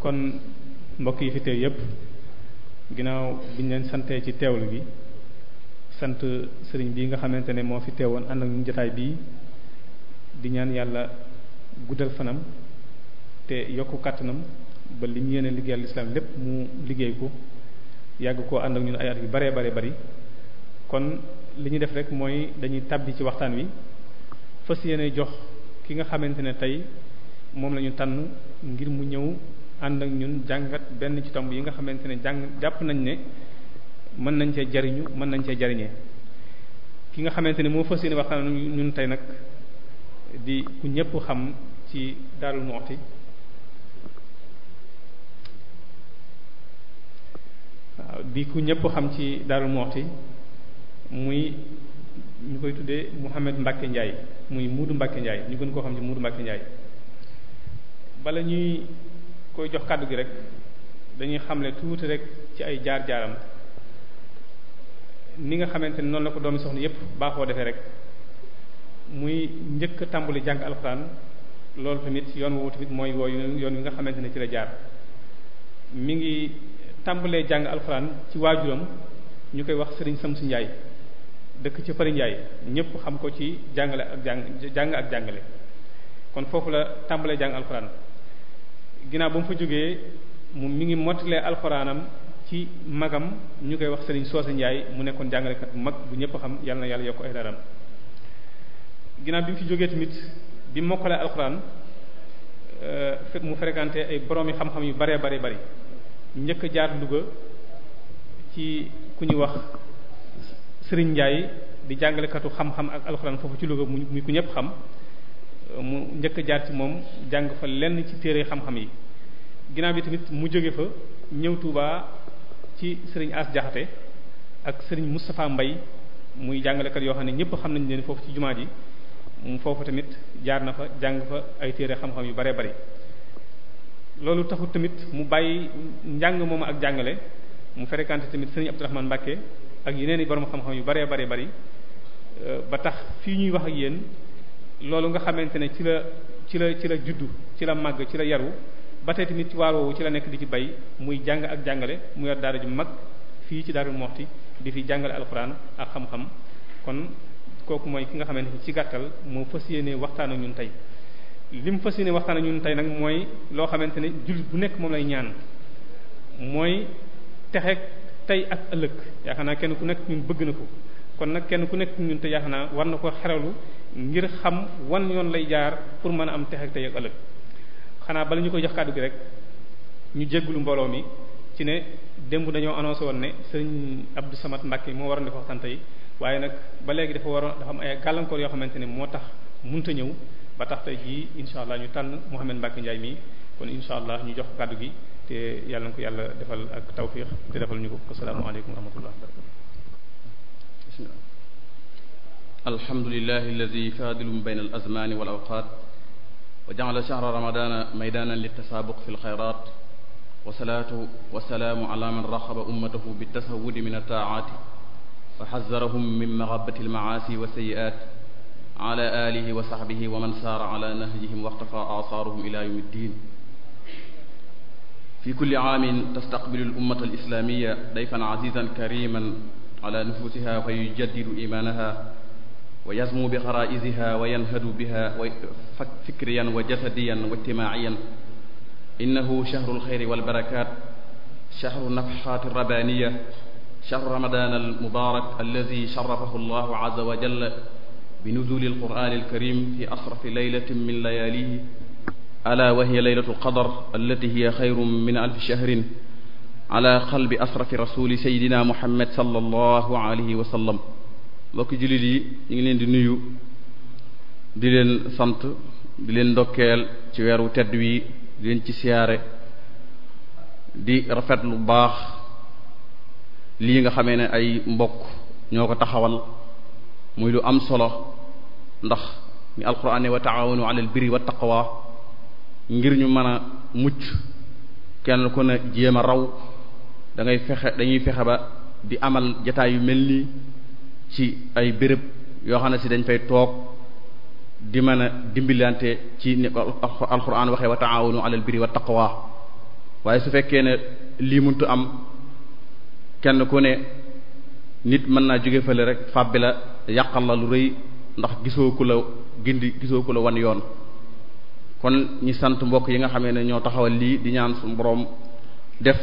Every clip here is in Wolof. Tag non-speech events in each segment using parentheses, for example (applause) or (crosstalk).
kon mbokk yi fi teew yépp ginnaaw bi ñu leen santee ci teewlu bi sant sëriñ bi nga xamante ne moo fi teewoon ànd ak ñu jotaay bii di ñaan yàlla guddal fanam te yokk kàttanam ba li ñu yéene liggéeyal lislaam lépp mu liggéey ko yàgg koo ànd ak ñun ay at yu bare bare bari kon li ñu def rek mooy dañuy tàbbi ci waxtaan wi fas yéene jox ki nga xamante ne tey moom lañu tànn ngir mu ñëw ànd ak ñun jàngat benn ci tomb yi nga xamante ne jàng jàpp nañ ne mën nañ cee jariñu mën nañ cee jariñe ki nga xamante ne moo fas yéene waxtaan ñun tey nag di ku ñépp xam ci Darou Moukhty waaw di ku xam ci Darou Moukhty muy ñu koy tuddee Mouhamed Mbacke njaay muy Muudu Mbacke njaay ñu gën koo xam ci Muudu Mbacke Ndiaye bala ñuy koy jox kàddu gi rek dañuy xamle tuuti rek ci ay jaar-jaaram ni nga xamante ni noonu la ko doomi soxna yépp baaxoo defee rek muy njëkk tàmbali jàng alxuraan loolu tamit yoon woowu tamit mooy woyu yoon wi nga xamante ne ci la jaar mi ngi tàmbalee jàng alxuraan ci waajuram ñu koy wax sëriñ Samsu Njaay dëkk ci Pari Njaay ñépp xam ko ci jàngale ak jàng jàng ak jàngale kon foofu la tàmbalee jàng alxuraan ginaaw ba mu fa jógee mu mi ngi mottalee alxuraanam ci magam ñu koy wax Serigne Socé Ndiaye mu nekkoon jàngalekat bu mag bu ñëpp xam yàlla na yàlla yokk ay daram ginnaaw bi mu fi jógee tamit bi mokkalee alxuraan euh, fekk mu fréquenté ay boroomi xam-xam yu bare bare bari njëkk jaar Louga ci ku ñuy wax Serigne Ndiaye di jàngalekatu xam-xam ak alxuraan foofu ci Louga muy ku ñëpp xam mu njëkk jaar ci moom jàng fa lenn ci téere xam-xam yi ginnaaw bi tamit mu jóge fa ñëw tuuba ci sëriñ As Jaxate ak sëriñ Moustapha Mbay muy jàngalekat yoo xam ne ñëpp xam nañ leen foofu ci jumaa ji foofu tamit jaar na fa jàng fa ay téere xam-xam yu bare bari loolu taxut tamit mu bàyyi njàng moom ak jàngale mu fréquenté tamit sëriñ Abdourahmane Mbacke ak yeneen i borom xam-xam yu bare bare bari ba tax fii ñuy wax ak yéen loolu nga xamante ne ci la ci la ci la juddu ci la màgg ci la yaru ba tey tamit ci waar ci la nekk di ci bay muy jàng ak jàngale mu yor daara ju mag fii ci Darou Moukhty di fi jàngale alxuraan ak xam-xam kon kooku mooy ki nga xamante ni ci gàttal moo fas yéenee waxtaan ak ñun tey li mu fas yéenee waxtaan ak ñun tey nag mooy loo xamante ne jullit bu nekk moom lay ñaan mooy texeeg tey ak ëllëg yaakaar naa kenn ku nekk ñun bëgg na ko kon nag kenn ku nekk ñun naa war na ko xeralu ngir xam wan yoon lay jaar pour mën a am tex ak tey ak ëllëg xanaa bala ñu koy jox kàddu gi rek ñu jégglu mbooloo mi ci ne démb dañoo annoncé woon ne sëñ Abdou Samad Mbacké moo waroon def waxtaan tey waaye nag ba léegi dafa waroon dafa am ay gàllankoor yoo xamante ne moo tax munta ñëw ba tax tey jii incha allah ñu tànn Mouhamed Mbacké Ndiaye mii kon incha allah ñu jox kàddu gi te yàlla na ko yàlla defal ak tawfiq te defal ñu ko asalaamaaleykum wa rahmatullah alhamdulilahi alladi faadilum bayn al azmani wal awqat wa jaala shahra ramadana maydanan litasaabuq fi lxayrat wa salaatu wa salaamu ala man raxaba ummatahu bitasawudi min altaaati wa xazarahum min maxabati almacaasi wa sayi'at ala alihi wa saxbihi wa man saara ala nahjihim waxtafa asaaruhum ila yawmi ddin fi kulli aamin tastaqbilu lummata alislamiya dayfan azizan kariman ala nufusiha fa yujaddidu imaanaha wa yasmu bi xaraisiha wa yanhadu biha wa fikriyan wa jasadiyan wa ijtimaaciyan innahu shahru alxayri walbarakat shahru nafxaati rabaniya shahru ramadan almubarak alladi sharafahu allahu azza wa jalla binuzuli alqurani alkarim fi asrafi laylatin min layalihi ala wa hiya laylatu alqadar allati hiya xayrun min alfi shahrin ala qalbi asrafi rasuli sayidina muhammad sallallahu alayhi wa sallam mbokki jullit yi ñu ngi leen di nuyu di leen sant di leen ndokkeel ci weer wu tedd wi di leen ci siyaare di rafet lu baax lii nga xamee ne ay mbokk ñoo ko taxawal muy lu am solo ndax mi alquran ne wa taawanu alal birri wa taqwa ngir ñu mën a mucc kenn ku na jéem a raw da ngay fexe dañuy fexe ba di amal jataay yu mel nii ci ay béréb yoo xam ne si dañ fay toog di mën a dimbilante ci ni alquran waxee wa taawunu alal birri wa taqwa waaye su fekkee ne lii muntu am kenn ku ne nit mën naa jóge fële rek fàbbi la yàqal la lu rëy ndax gisoo ko la gindi gisoo ku la wan yoon kon ñi sant mbokk yi nga xamee ne ñoo taxawal lii di ñaan su mboroom def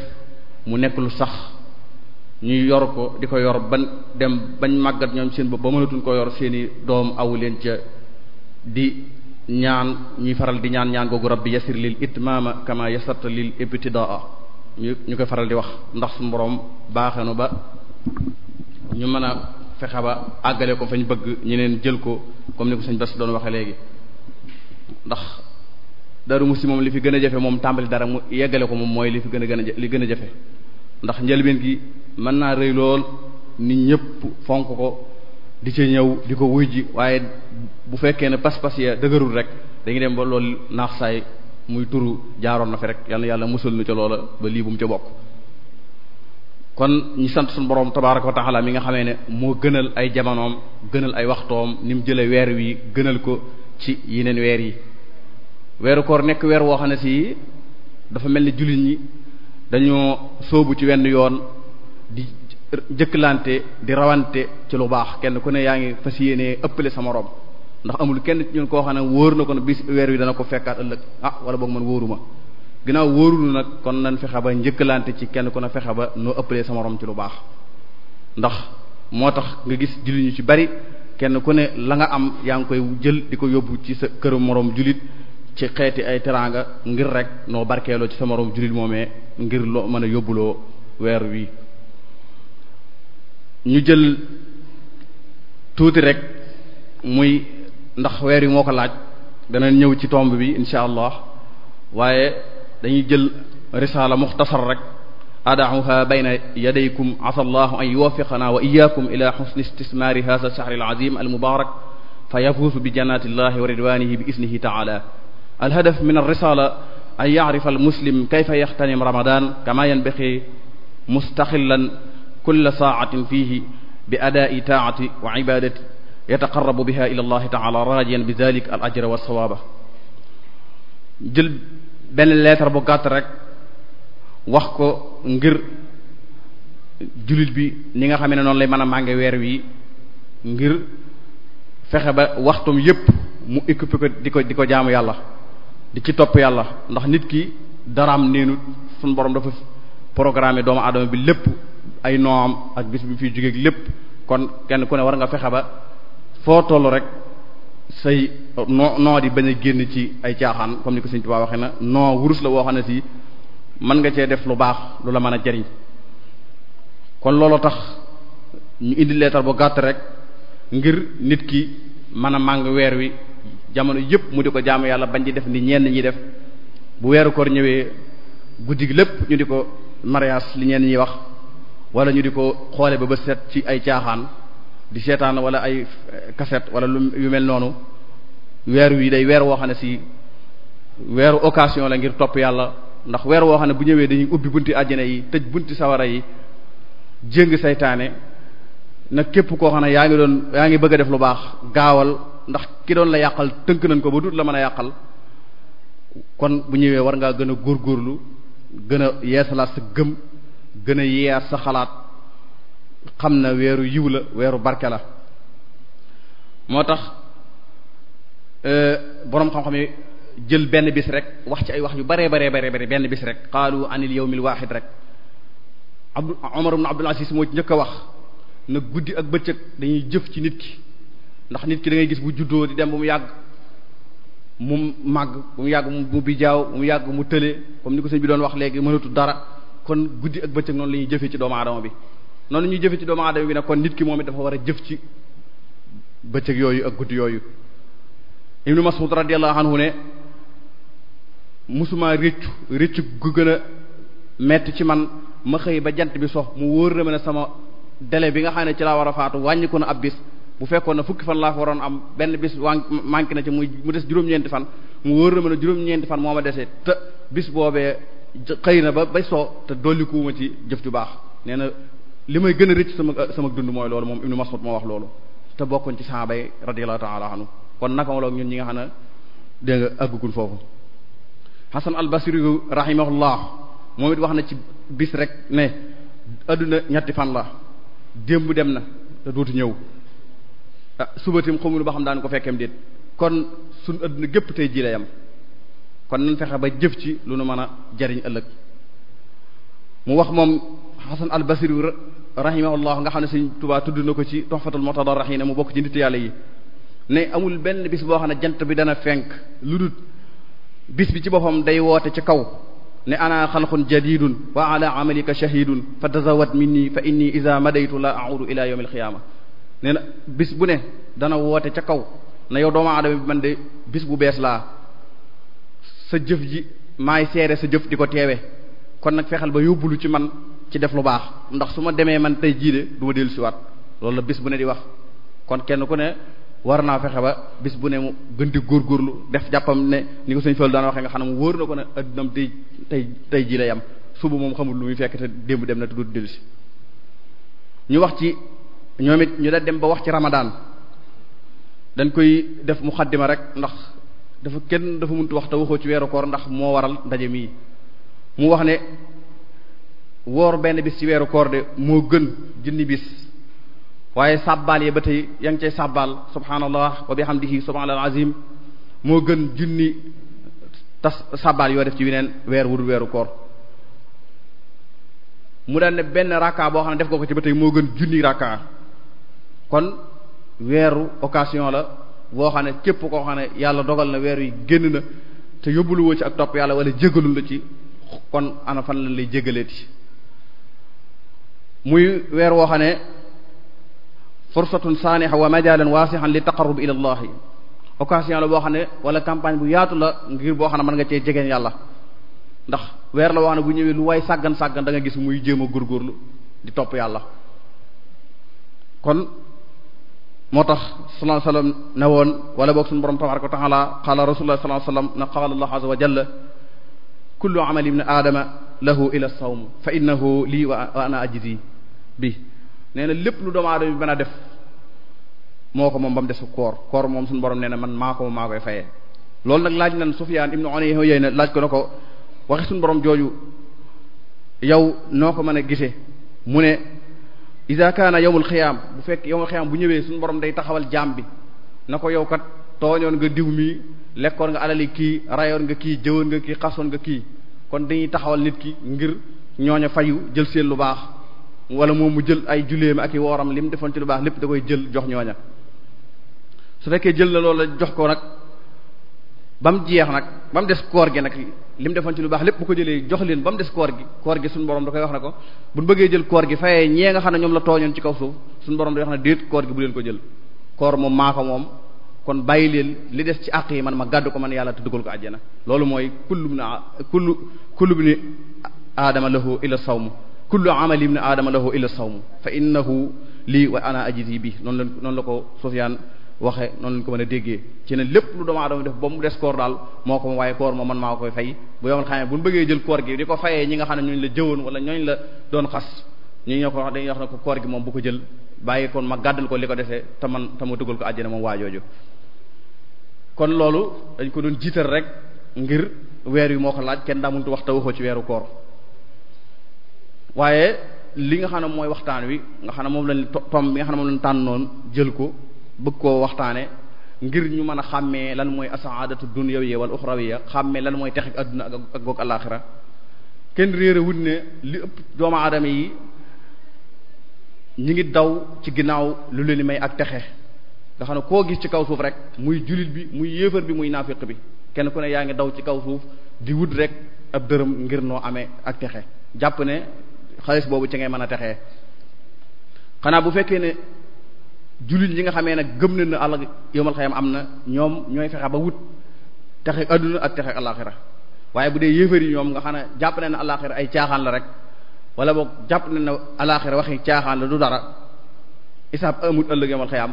mu nekk lu sax ñuy yor ko di ko yor ban dem bañ màggat ñoom seen bopp ba mënatuñ ko yor seeni doom awu leen ca di ñaan ñuy faral di ñaan ñaan googu rabbi yasir lil itmaama kama yasarta lil ibtidaa ñu ñu ko faral di wax ndax su mboroom baaxenu ba ñu mën a fexe ba àggale ko ñu bëgg ñeneen jël ko comme ni ko sëñ Bass doon waxe léegi ndax daru musi moom li fi gën a jafe moom tàmbali dara mu yeggale ko moom mooy li fi gën a gën a li gën a jafe ndax njëlbeen gi mën naa rëy lool nit ñëpp fonk ko di ca ñëw di ko wuy ji waaye bu fekkee ne pas-pas ya dëgërul rek dañuy dem ba loolu naax saay muy turu jaaroon na fi rek yàlla yàlla musal nu ca loola ba lii bu mu ca bokk kon ñi sant suñu boroom tabaaraka wa taala mi nga xamee ne moo gënal ay jamonoom gënal ay waxtoom ni mu jëlee weer wi gënal ko ci yeneen weer yi weeru koor nekk weer woo xam ne si dafa mel ni jullit ñi dañoo sóobu ci wenn yoon di jëkkalante di rawante ci lu baax kenn ku ne yaa ngi fas yéenee ëppale sa moroom ndax amul kenn ci ñun koo xam ne wóor na ko ne bis weer wi dana ko fekkaat ëllëg ah wala boog man wóoruma ginnaaw wóorul nag kon nañ fexe ba njëkkalante ci kenn ku ne fexe ba noo ëppalee sa moroom ci lu baax ndax moo tax nga gis jullit ñu ci bari kenn ku ne la nga am yaa ngi koy jël di ko yóbbu ci sa këru moroom jullit ci xeeti ay teraanga ngir rek noo barkeeloo ci sa moroom jullit moomee ngir loo mën a yóbbuloo weer wi ñu jël tuuti rek muy ndax weer wi moo ko laaj dana ñëw ci tomb bi insha allah waaye dañuy jël risaala muxtasar rek adauha bayna yadaykum asa allahu an yuwaffiqana wa iyaakum ila xusni istismaari hadha a shahr al-azim al-mubarak fa yafuusu bi jannati llahi wa ridwanihi bi isnihi taala alhadaf min alrisala an yacrifa almuslim kayfa yaxtanim ramadan kama yanbaxi mustaxillan kulla saatin fihi bi adaai taati wa bu gàtt rek wax ko ngir jullit bi ni nga xam ne noonu lay mën a mànge weer wi ngir fexe ba waxtum yépp mu équipé di ko di ko jaamu yàlla di ci topp yàlla ndax nit ki dara am neenut suñu borom dafa programme doomu aadama bi lépp ay noom ak bis bi fiy jógeeg lépp kon kenn ku ne war nga fexe ba foo toll rek say noo noo di bañ a génn ci ay caaxaan comme ni ko Sëriñ Tuubaa waxee na noo wurus la woo xam ne si mën nga cee def lu baax lu la mën a jariñ kon looloo tax ñu indi leetar bu gàtt rek ngir nit ki mën a màng weer wi jamono yëpp mu di ko jaamu yàlla bañ di def ni ñenn ñi def bu weeru koor ñëwee guddi lépp ñu di ko mariage li ñenn ñi wax wala ñu di ko xoole ba ba set ci ay caaxaan di seetaan wala ay eh, cassette wala lu yu mel noonu weer wii day weer woo xam ne si weeru occasion la ngir topp yàlla ndax weer woo xam ne bu ñëwee dañuy ubbi bunti àjjana yi tëj bunti sawara yi jéng seytaane na képp koo xam ne yaa ngi doon yaa ngi bëgg def lu baax gaawal ndax ki doon la yàqal tënk nañ ko ba dut la mën a yàqal kon bu ñëwee war ngaa gën a góorgóorlu gën a yeesalaat sa gëm gën a yeer sa xalaat xam na weeru yiw la weeru barke la moo tax euh, boroom xam-xam yi jël benn bis rek wax ci ay wax yu baree baree baree bare benn bis rek qaalu anil yawmil waahid rek ab Umar ibn Abdul Aziz moo njëkk a wax na guddi ak bëccëg dañuy jëf ci nit ki ndax nit ki da ngay gis bu juddoo di dem bu mu yàgg mu màgg bu mu yàgg mu bijaaw bu mu yàgg mu tële comme ni ko sëñ bi doon wax léegi mënatu dara kon guddi ak bëccëg noonu la ñuy jëfee ci doomu aadama bi noonu ñuy jëfe ci doomu aadama bi na kon nit ki moom it dafa war a jëf ci bëccëg yooyu ak guddi yooyu ibnu mas'ud radiyallahu anhu ne musuma réccu réccu gu gën a metti ci man ma xëy ba jant bi sox mu wóor na ma ne sama délai bi nga xam ne ci laa war a faatu wàññiku na ab bis bu fekkoon na fukki fan laa fa waroon am benn bis wan manqué na ci muy mu des juróom-ñeenti fan mu wóor na ma ne juróom-ñeenti fan moo ma desee te bis boobee xëy na ba ba soo te dollikuwuma ci jëf ju baax nee na li may gën a rëcc sama sama dund mooy loolu moom Ibnu Mas'ud moo wax loolu te bokkoon ci saaba yi radiyallahu ta'ala anhu kon naka wala ñun ñi nga xam ne dégg nga àggugul foofu Hasan al-Basri rahimahullah moom it wax na ci bis rek ne adduna ñetti fan la démb dem na te dootu ñëw ah suba tamit xamuñu ba xam daan ko fekkeem déet kon suñu adduna gépp tey jii lay am kon nañ fexe ba jëf ci lu nu mën a jariñ ëllëg mu wax moom Hasan al Basri rahimahullah nga xam ne Sëriñ tubaa tudd na ko ci Tuhfatul Mutadarrihin mu bokk ci nit yàlla yi ne amul benn bis boo xam ne jant bi dana fenk lu dul bis bi ci boppam day woote ci kaw ne ana xalqun jadidun wa ala amalika shahidun fa tazawad minni fa inni idha madaytu la a'udu ila yawm al qiyamah nee na bis bu ne dana woote ca kaw na yow doomu aadama bi man de bis bu bees laa sa jëf ji maay seere sa jëf di ko teewe kon nag fexeel ba yóbbu lu ci man ci def lu baax ndax su ma demee man tey jiile de du ma dellusiwaat loolu la bis bu ne di wax kon kenn ku ne war naa fexe ba bis bu ne mu gën di góorgóorlu def jàppam ne ni ko sëñ Fall daan waxee nga xam ne mu wóor na ko ne addunam tey tey tey jii lay am suba moom xamul lu muy fekk te démb dem na te du dellusi ñoom it ñu da dem ba wax ci ramadaan dañ koy def muxaddima rek ndax dafa kenn dafa muntu wax te waxoo ci weeru koor ndax moo waral ndaje mii mu wax ne woor benn bis ci weeru koor de moo gën junni bis waaye sàbbaal yi ba tey yaa ngi cay sàbbaal subhaanallah wa bihamdihi subhaanal azim moo gën junni tas sàbbaal yoo def ci weneen weer wudul weeru koor mu daan ne benn rakka boo xam ne def nga ko ci ba tey moo gën junni rakka kon weeru occasion la woo xam ne képp koo xam ne yàlla dogal na weer yi génn na te yóbbulu woo ci ak topp yàlla wala jégalul la ci kon ana fan lañ lay jégaleeti muy weer woo xam ne fursatun saaniha wa majalan waasihan li taqarrub ila allah occasion la boo xam ne wala campagne bu yaatu la ngir boo xam ne mën nga cee jegeen yàlla ndax weer la woo xam ne bu ñëwee lu waay sàggan sàggan da gis muy jéem a góorgóorlu di topp yàlla kon moo tax sallallahu alayhi wasallam ne woon wala boog suñu borom tabaraka wa taala qaala rasulullah sallallahu alayhi wasallam na qaala allah azza wa jalla kullu amali ibn aadama lahu ila sawm fa innahu lii wa ana ajzi bi nee na lépp lu doomu aadama bi mën a def moo ko moom ba mu koor koor moom suñu borom nee na man maa ko koy fayee loolu nag laaj nan Sufyaan ibnu Uyayna laaj ko na ko waxe suñu borom jooju yow noo ko mën a gisee mu ne iza kaana yawmul xiyaam bu fekk yawmul xiyaam bu ñëwee suñu borom day taxawal jaam bi na ko yow kat tooñoon nga diw mi lekkoon nga alali kii rayoon nga kii jëwoon nga kii xasoon nga kii kon dañuy taxawal nit ki ngir ñooña fayu jël seen lu baax wala moom mu jël ay julleem ak i wooram li mu defoon ci lu baax lépp da koy jël jox ñooña su fekkee jël na loola jox ko nag ba mu jeex nag ba mu des koor gi nag li mu defoon ci lu baax lépp bu ko jëlee jox leen ba mu des koor gi koor gi suñu borom da koy wax ne ko buñ bëggee jël koor gi fayee ñee nga xam ne ñoom la tooñoon ci kaw suuf suñu borom da wax ne déet koor gi bu leen ko jël koor moom maa ko moom kon bàyyi leen li des ci àq yi man ma gàddu ko man yàlla te dugal ko àjjana loolu mooy kullu ibn kullu kullu ibn aadama lahu illa sawm kullu amali ibn aadama la lahu illa sawm fa innahu lii wa ana ajizi bi noonu la noonu la ko Sufyaan waxe noonu lañu ko mën a déggee ci ne lépp lu doomu aadama def ba mu des koor daal moo ko waaye koor moom man maa koy fay bu yomal xamee bu ñu bëggee jël koor gi di ko fayee ñi nga xam ne ñooñu la jëwoon wala ñooñu la doon xas ñi ñoo ko wax dañuy wax ne ko koor gi moom bu ko jël bàyyi kon ma gàddal ko li ko desee te man te ma dugal ko àjjana moom waajooju kon loolu dañ ko doon jiital rek ngir weer yi moo ko laaj kenn daa mënut wax te waxoo ci weeru koor waaye li nga xam ne mooy waxtaan wi nga xam ne moom lañ tom bi nga xam ne moom lañ jël ko bëgg koo waxtaane ngir ñu mën a xàmmee lan mooy asaadatu dunyawiyya wal uxrawiyya xàmmee lan mooy texeg àdduna ak ak goog alaaxira kenn réere wut ne li ëpp doomu aadama yi ñu ngi daw ci ginnaaw lu leen may ak texe nga xam ne koo gis ci kaw suuf rek muy jullit bi muy yéefar bi muy naafiq bi kenn ku ne yaa ngi daw ci kaw suuf di wut rek ab dërëm ngir noo amee ak texe jàpp ne xaalis boobu ci ngay mën a texee xanaa bu fekkee ne jullit yi nga xamee nag gëm nañ ne àll yowmal xayam am na ñoom ñooy fexe ba wut texe adduna ak texe alaxira waaye bu dee yéefar yi ñoom nga xam ne jàpp nañ ne ay caaxaan la rek wala boog jàpp nañ na alaxira waxi caaxaan la du dara isaab amut ëllëg yowmal xayam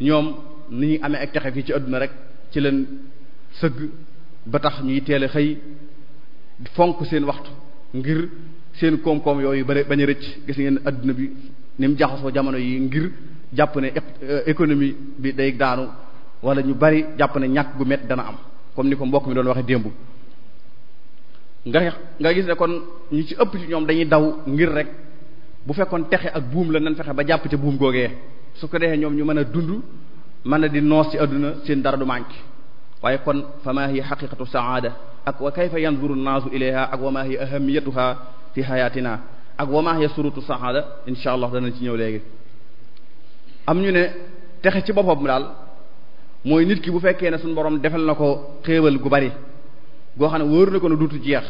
ñoom ni ñuy amee ak texe fii ci adduna rek ci leen sëgg ba tax ñuy teel xëy fonk seen waxtu ngir seen koom-koom yooyu ba bañ a rëcc gis ngeen adduna bi ni mu jaxasoo jamono yi ngir. jàpp ne euh, économie bi day daanu wala ñu bari jàpp ne ñàkk gu métti dana am kon ni ko mbokk mi doon waxee démb nga nga gis ne kon ñu ci ëpp ci ñoom dañuy daw ngir rek bu fekkoon texe ak buum la nen fexe ba jàpp ca buum googee su ko defee ñoom ñu mën a dund mën a di noos ci àdduna seen dara du manqué waaye kon fa maa hiya xaqiqatu saada ak wa kayfa yanzuru naasu ilayha ak wa maa hiya ahamiyatuha fi naa ak wa maa hiya surutu saada insha allah danañ ci ñëw am ñu ne texe ci boppam daal mooy nit ki bu fekkee ne suñu borom defal na ko xéewal gu bari goo xam ne wóor na ko ne duutu jeex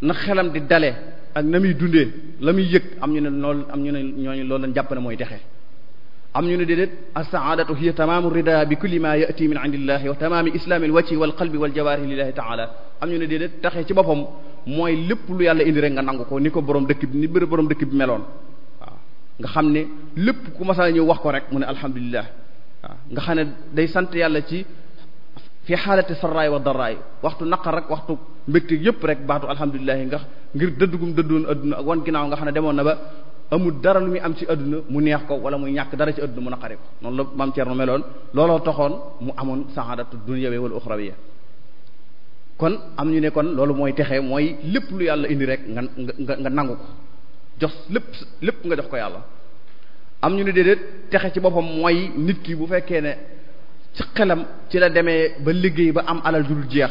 na xelam di dale ak na muy dundee la muy yëg am ñu ne lool ñu ne ñooñu loolu lañ jàpp ne mooy texe am ñu ne déedéet as-sa'adatu hiya tamaamu rida bi kulli ma yati min indillahi wa tamaami islaami alwajhi wal qalbi wal jawaarihi lillahi taala am ñu ne déedéet taxe ci boppam mooy lépp lu yàlla indi rek nga nangu ko ni ko borom dëkk bi ni bëri borom dëkk bi meloon nga xam ne lépp ku masaa ñëw wax ko rek mu ne alhamdulilah waaw nga xam ne day sant yàlla ci fi xaalati sarraay wa daraay waxtu naqar rek waxtu mbégte yëpp rek baatu alhamdulilah nga ngir dëddugum dëddoon adduna wan ginnaaw nga xam ne demoon na ba amul dara lu muy am ci adduna mu neex ko wala muy ñàkk dara ci adduna mu naqari ko noonu la maam Thierno meloon looloo toxoon mu amoon saxaadatu dunyawee wal uxrawiyee kon am ñu ne kon loolu mooy texe mooy lépp yàlla indi rek nga nga nga nangu jox lépp nga jox ko yàlla am ñu ne déedéet texe ci boppam mooy nit ki bu fekkee ne ci xelam ci la demee ba liggéey ba am alal ju jeex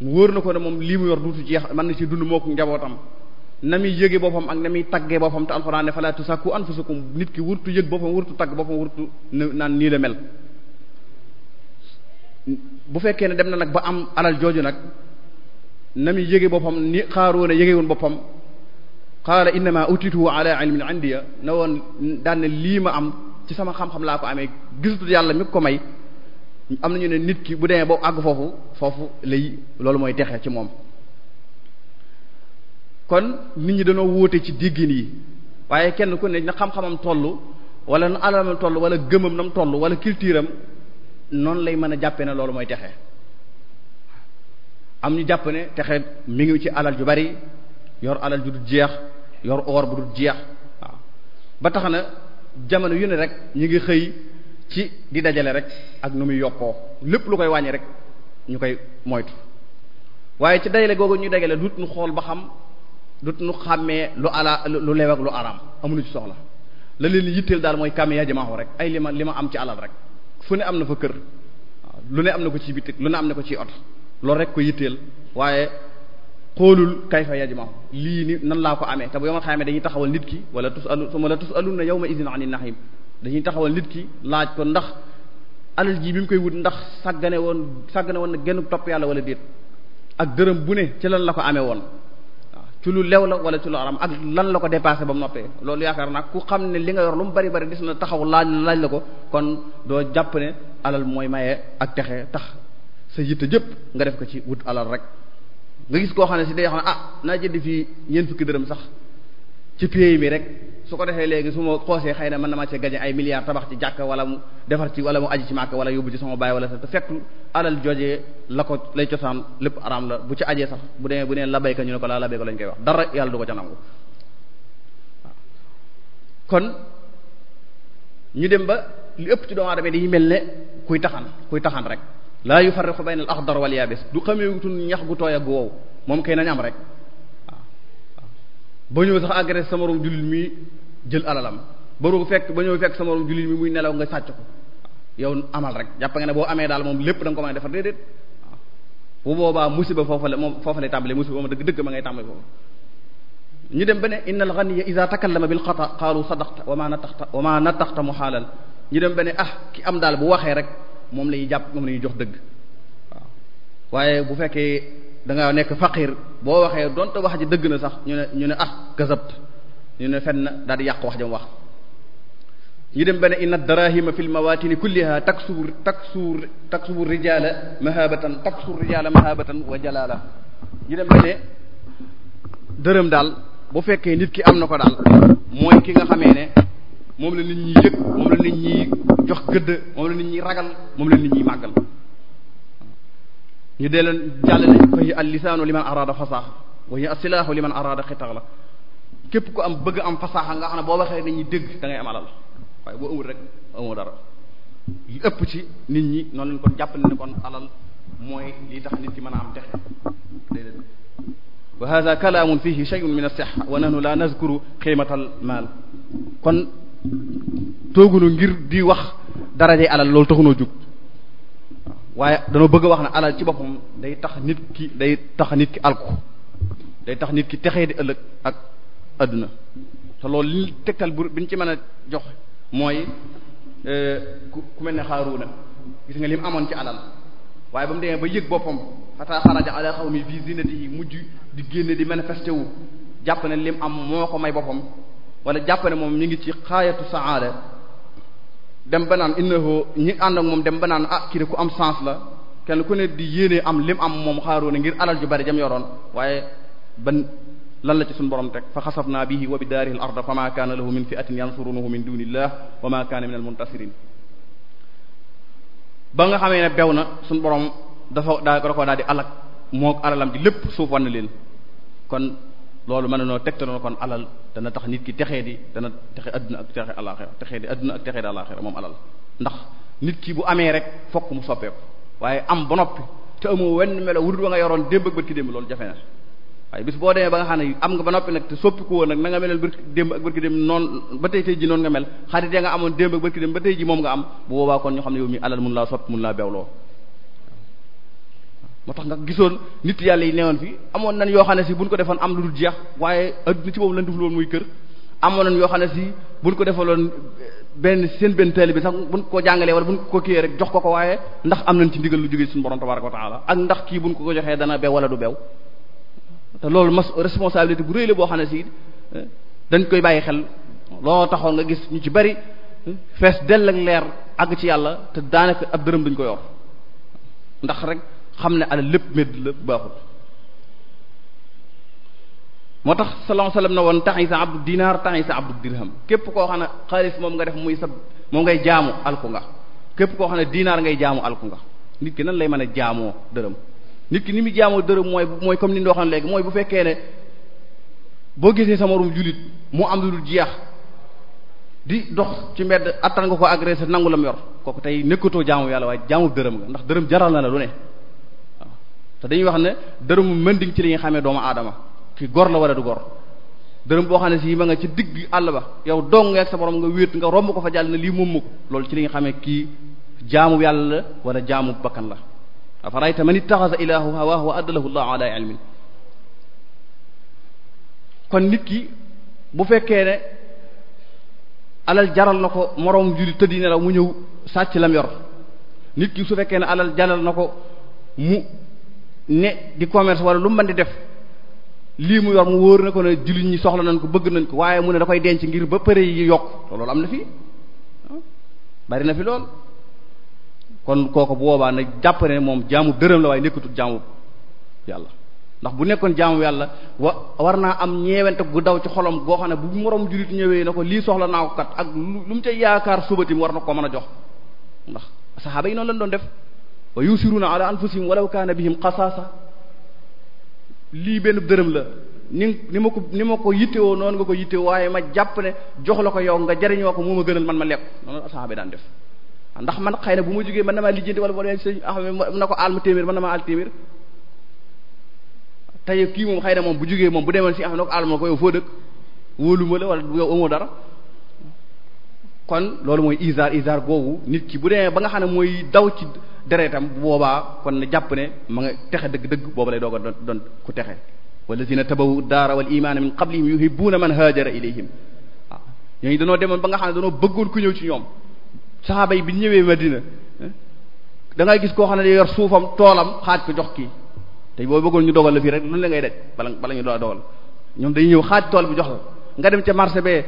mu wóor na ko ne moom lii mu yor duutu jeex man na ci dund moo ko njabootam na muy yëge boppam ak na muy taggee boppam te alxuraan ne fala tusakku anfusakum nit ki wurtu yëg boppam wurtu tagg boppam wurtu naan nii la mel bu fekkee ne dem na nag ba am alal jooju nag na mi yëge boppam ni xaaroona yëge woon boppam qaala innama utitu ala ilmin indiya na woon daan lii ma am ci sama xam-xam laa ko amee gisatu yàlla mi ko may am nañu ne nit ki bu demee ba àgg foofu foofu lay loolu mooy texe ci moom kon nit ñi dañoo wóote ci déggin yi waaye kenn ku ne na xam-xamam toll wala na alalam toll wala gëmam nam toll wala culture am noonu lay mën a jàppe na loolu mooy texe am ñu jàpp ne texe mi ngi ci alal yu bari yor alal ju dul jeex yor or bu dul jeex waaw ba tax na jamono yu ne rek ñu ngi xëy ci di dajale rek ak nu muy yokkoo lépp lu koy wàññi rek ñu koy moytu waaye ci dajale googu ñu dajale dut nu xool ba xam dut nu xàmmee lu ala lu leew ak lu araam amuñu ci soxla la leen yitteel daal mooy kàmmee yaa jamaaxoo rek ay li ma li ma am ci alal rek fu ne am na fa kër lu ne am na ko ciy bitik lu am na ko ci ot lool rek ko yitteel waaye xoolul kayfa yajma'u lii ni nan laa ko amee te bu yomal xaamee dañuy taxawal nit ki wala tusalu suma la tusaluna yawma idhin 'anil nahim dañuy taxawal lit ki laaj ko ndax alal jii bi mu koy wut ndax sàggane woon sàggane woon na genn topp yàlla wala déet ak dërëm bu ne ci lan la ko amee woon waaw ci lu lewla la wala ci lu aram ak lan la ko dépassé ba mu noppee loolu yaakaar naa ku xam ne li nga yor lu mu bari bari des na taxaw laaj laaj la ko kon doo jàpp ne alal mooy maye ak texe tax sa yitte jëpp nga def ko ci wut alal rek nga gis koo xam ne si day xam ne ah naa jënd fii ñeent fukki dërëm sax ci pay mi rek su ko defee léegi su ma xoosee xëy na mën na ma ci gañe ay milliards tabax ci jàkk wala mu defar ci wala mu aji ci màkk wala yóbbu ci sama baay wala sax te fekk alal jojee la ko lay cosaan lépp araam la bu ci ajee sax bu demee bu nee la bayka ñu ne ko la la bayka lañ koy wax dara yàlla du ko ca nangu kon ñu dem ba lu ëpp ci doomu aadama dañuy mel ne kuy taxan kuy taxan rek laa yufarriqu bayna al axdar wal yaabis du xameewutul ñax gu tooy ak gu wow moom kay nañ am rek waaw ba ñëw sax agressé sa moroom jullit mi jël alalam ba bu fekk ba ñëw fekk sa moroom jullit mi muy nelaw nga sàcc ko yow amal rek jàpp nga ne boo amee daal moom lépp da nga ko mën a defar déedéet bu boobaa musiba foofa moom foofa lay tàmbalee musiba ma dëgg dëgg ma ngay tàmbalee foofu ñu dem ba ne inna al ghaniya idha takallama bil xata qaalu sadaqta wa ma nataxta wa ma nataxta muhaalal ñu dem ne ah ki am daal bu waxee rek moom lañuy jàpp moom la jox dëgg waaye bu fekkee da nekk faqiir boo waxee donte wax ji dëgg na sax ñu ne ñu ne ah kasabt ñu ne fenn daal di yàq wax jam wax ñu dem benn inna darahima fi lmawatini kulliha taksur taksur taksur rijala mahabatan taksur rijala mahabatan wa jalala ñu dem dërëm daal bu fekkee nit ki am na ko daal mooy ki nga xamee ne moom la nit ñi yëg moom la nit ñi jox gëdd moom la ni ñi ragal moom la ni ñi màggal ñu dee leen jàllale fa hiya al-lisaanu liman araada fasaax wa hiya as-silaahu liman araada xitax la képp ku am bëgg am fasaaxa nga xam ne boo waxee nit ñi dégg da ngay am alal waaye boo rek amoo dara li ëpp ci nit ñi noon lañ kon jàppale ne kon alal mooy li tax nit ki mën a am texe déedéet wa hada kalaamun fihi shay'un min as wa nahnu la nazkuru qiimata al maal kon toogunu ngir di wax daraje alal lool loolu taxunoo jóg waaye danoo bëgg wax ne alal ci boppam day tax nit ki day tax nit ki alku day tax nit ki texe di ëllëg ak àdduna te loolu li tegtal bu bi ci mën a jox mooy euh, ku mel ne xaaruna gis nga li amoon ci alal waaye ba mu demee ba yëg boppam xataa xaraja ala xawmi fi zinatihi mujj di génne di manifesté wu jàpp ne li mu am moo ko may boppam wala jàpp moom mi ngi ci xaayatu saada dem ba naan innahu ñi ànd ak moom dem ba naan ah kii de ku am sens la kenn ku ne di yéene am lim am moom xaaroona ngir alal ju bari jam yoroon waaye ban lan la ci suñu borom teg fa xasafna bihi wa bi daarihi al arda fa ma kaana lahu min fi'atin yansurunahu min dunillah wa ma kaana min al muntasirin ba nga xamee ne bew na suñu borom dafa daa da koo daal di alak mook alalam ji lépp suuf wan na leen kon loolu mën na noo tegtaloo kon alal dana tax nit ki texee di dana texe adduna ak texe alaxira texe di adduna ak texe di alaxira moom alal ndax nit ki bu amee rek fokk mu soppeeku waaye am ba noppi te amoo wenn melo wurut ba nga yoroon démb ak bët ki démb loolu na waaye bis boo demee ba nga xam ne am nga te soppiku woon nag na nga melal bët démb ak bët ki démb noonu ba tey tey ji noonu nga mel xarit nga amoon démb ak bët ki démb ba tey ji moom nga am bu boobaa kon ñu xam ne yow mi alal mun laa soppi mun laa bewloo moo tax nga gisoon nit yàlla yi newoon fi amoon nañ yoo xam ne si buñ ko defoon am lu dul jeex waaye adduna ci boobu lañ defaloon muy kër amoon nañ yoo xam ne si buñ ko defaloon eh, benn seen benn taali bi sax buñ ko jàngalee wala buñ ko rek jox ko ko waaye ndax am nañ ci ndigal lu jógee suñu borom tabaraka wa taala ak ndax kii buñ ko ko joxee dana bew wala du bew te loolu mas responsabilité bu rëy la boo xam ne si eh, dañ koy bàyyi xel loo taxoon nga gis ñu ci bari eh, fees dell ak leer àgg ci yàlla te daanaka ab dërëm duñ ko yor rek xam ne alal lépp médd la baaxul moo tax sallallahu alayhi wasallam na woon taxisa abdu dinaar taxisa abdu dirham képp koo xam ne xaalis moom nga def muy sa moom ngay jaamu alku nga képp koo xam ne dinaar ngay jaamu alku nga ki nan lay mën a jaamoo dërëm nit ki ni muy jaamoo dërëm mooy mooy comme ni ñu waxoon léegi mooy bu fekkee ne boo gisee sama morom jullit mu am lu dul jeex di dox ci mbedd attan nga ko agre agressé nangu mu yor kooku tey nekkatoo jaamu yàlla waaye jaamu dërëm nga ndax dërëm jaral na lu ne te dañuy wax ne dërëmu mënding ci la ñuy xamee doomu aadama ki gor la wala du gor dërëm boo xam ne si ma nga ci digg àll ba yow dong ak sa borom nga wéet nga romb ko fa jàll ne lii moom mu ko loolu ci la ñuy xamee kii jaamu yàlla la wala jaamu bakkan la afarayta man ittaxasa ilaahu hawaahu wa addalahu llahu ala ilmin kon nit ki bu fekkee ne alal jaral na ko moroom juli tëddi nelaw mu ñëw sàcc lam yor nit ki su fekkee ne na ko mu ne di commerce wala lu mu mën di def lii mu yor mu wóor na ko ne jullit ñi soxla nañ ko bëgg nañ ko waaye mu ne da koy denc ngir ba pare yi yokk loolu am na fi bari na fi lool kon kooku bu boobaa nag jàpp ne moom jaamu dërëm la waaye nekkatul jaamu yàlla ndax bu nekkoon jaamu yàlla wa war naa am ñeewante gu daw ci xolom goo xam ne bu moroom jullit ñëwee na ko lii soxla naa ko kat ak lu mu ca yaakaar subatim war na ko mën a jox ndax saxaaba yi noonu lañ doon def wa yusiruuna ala anfusihim walaw kaana bihim xasaasa lii benn dërëm la ni ni ma ko ni ma ko yittewoo noonu nga ko yittewoo waaye ma jàpp ne jox la ko yow nga jariñoo ko moo ma gënal man ma lekk noonu saxaaba daan def ndax man xëy na bu ma jógee man damaa lijjanti wala wala sëñ na ko aal ma téeméer man kii moom xëy na moom bu jógee moom bu demoon si am na ko aal ma ko yow foo dëkk wóolu ma la wala yow amoo dara kon loolu mooy isaar isaar googu nit ki bu demee ba nga ne mooy daw ci deretam bu boobaa kon na jàpp ne ma nga texe dëgg-dëgg booba lay doog a doon ku texe wallazina tabawu daara wal imaana min qablihim yuhibbuuna man haajara ilayhim waaw ñooñu danoo demoon ba nga xam ne danoo bëggoon ku ñëw ci ñoom saxaaba yi bi ñëwee Madina da ngay gis koo xam ne day yor suufam toolam xaaj ko jox kii te boo bëggoon ñu dogal la fii rek lu la ngay daj bala bala ñu doo dogal ñoom day ñëw xaaj tool bu jox la nga dem ca marché bee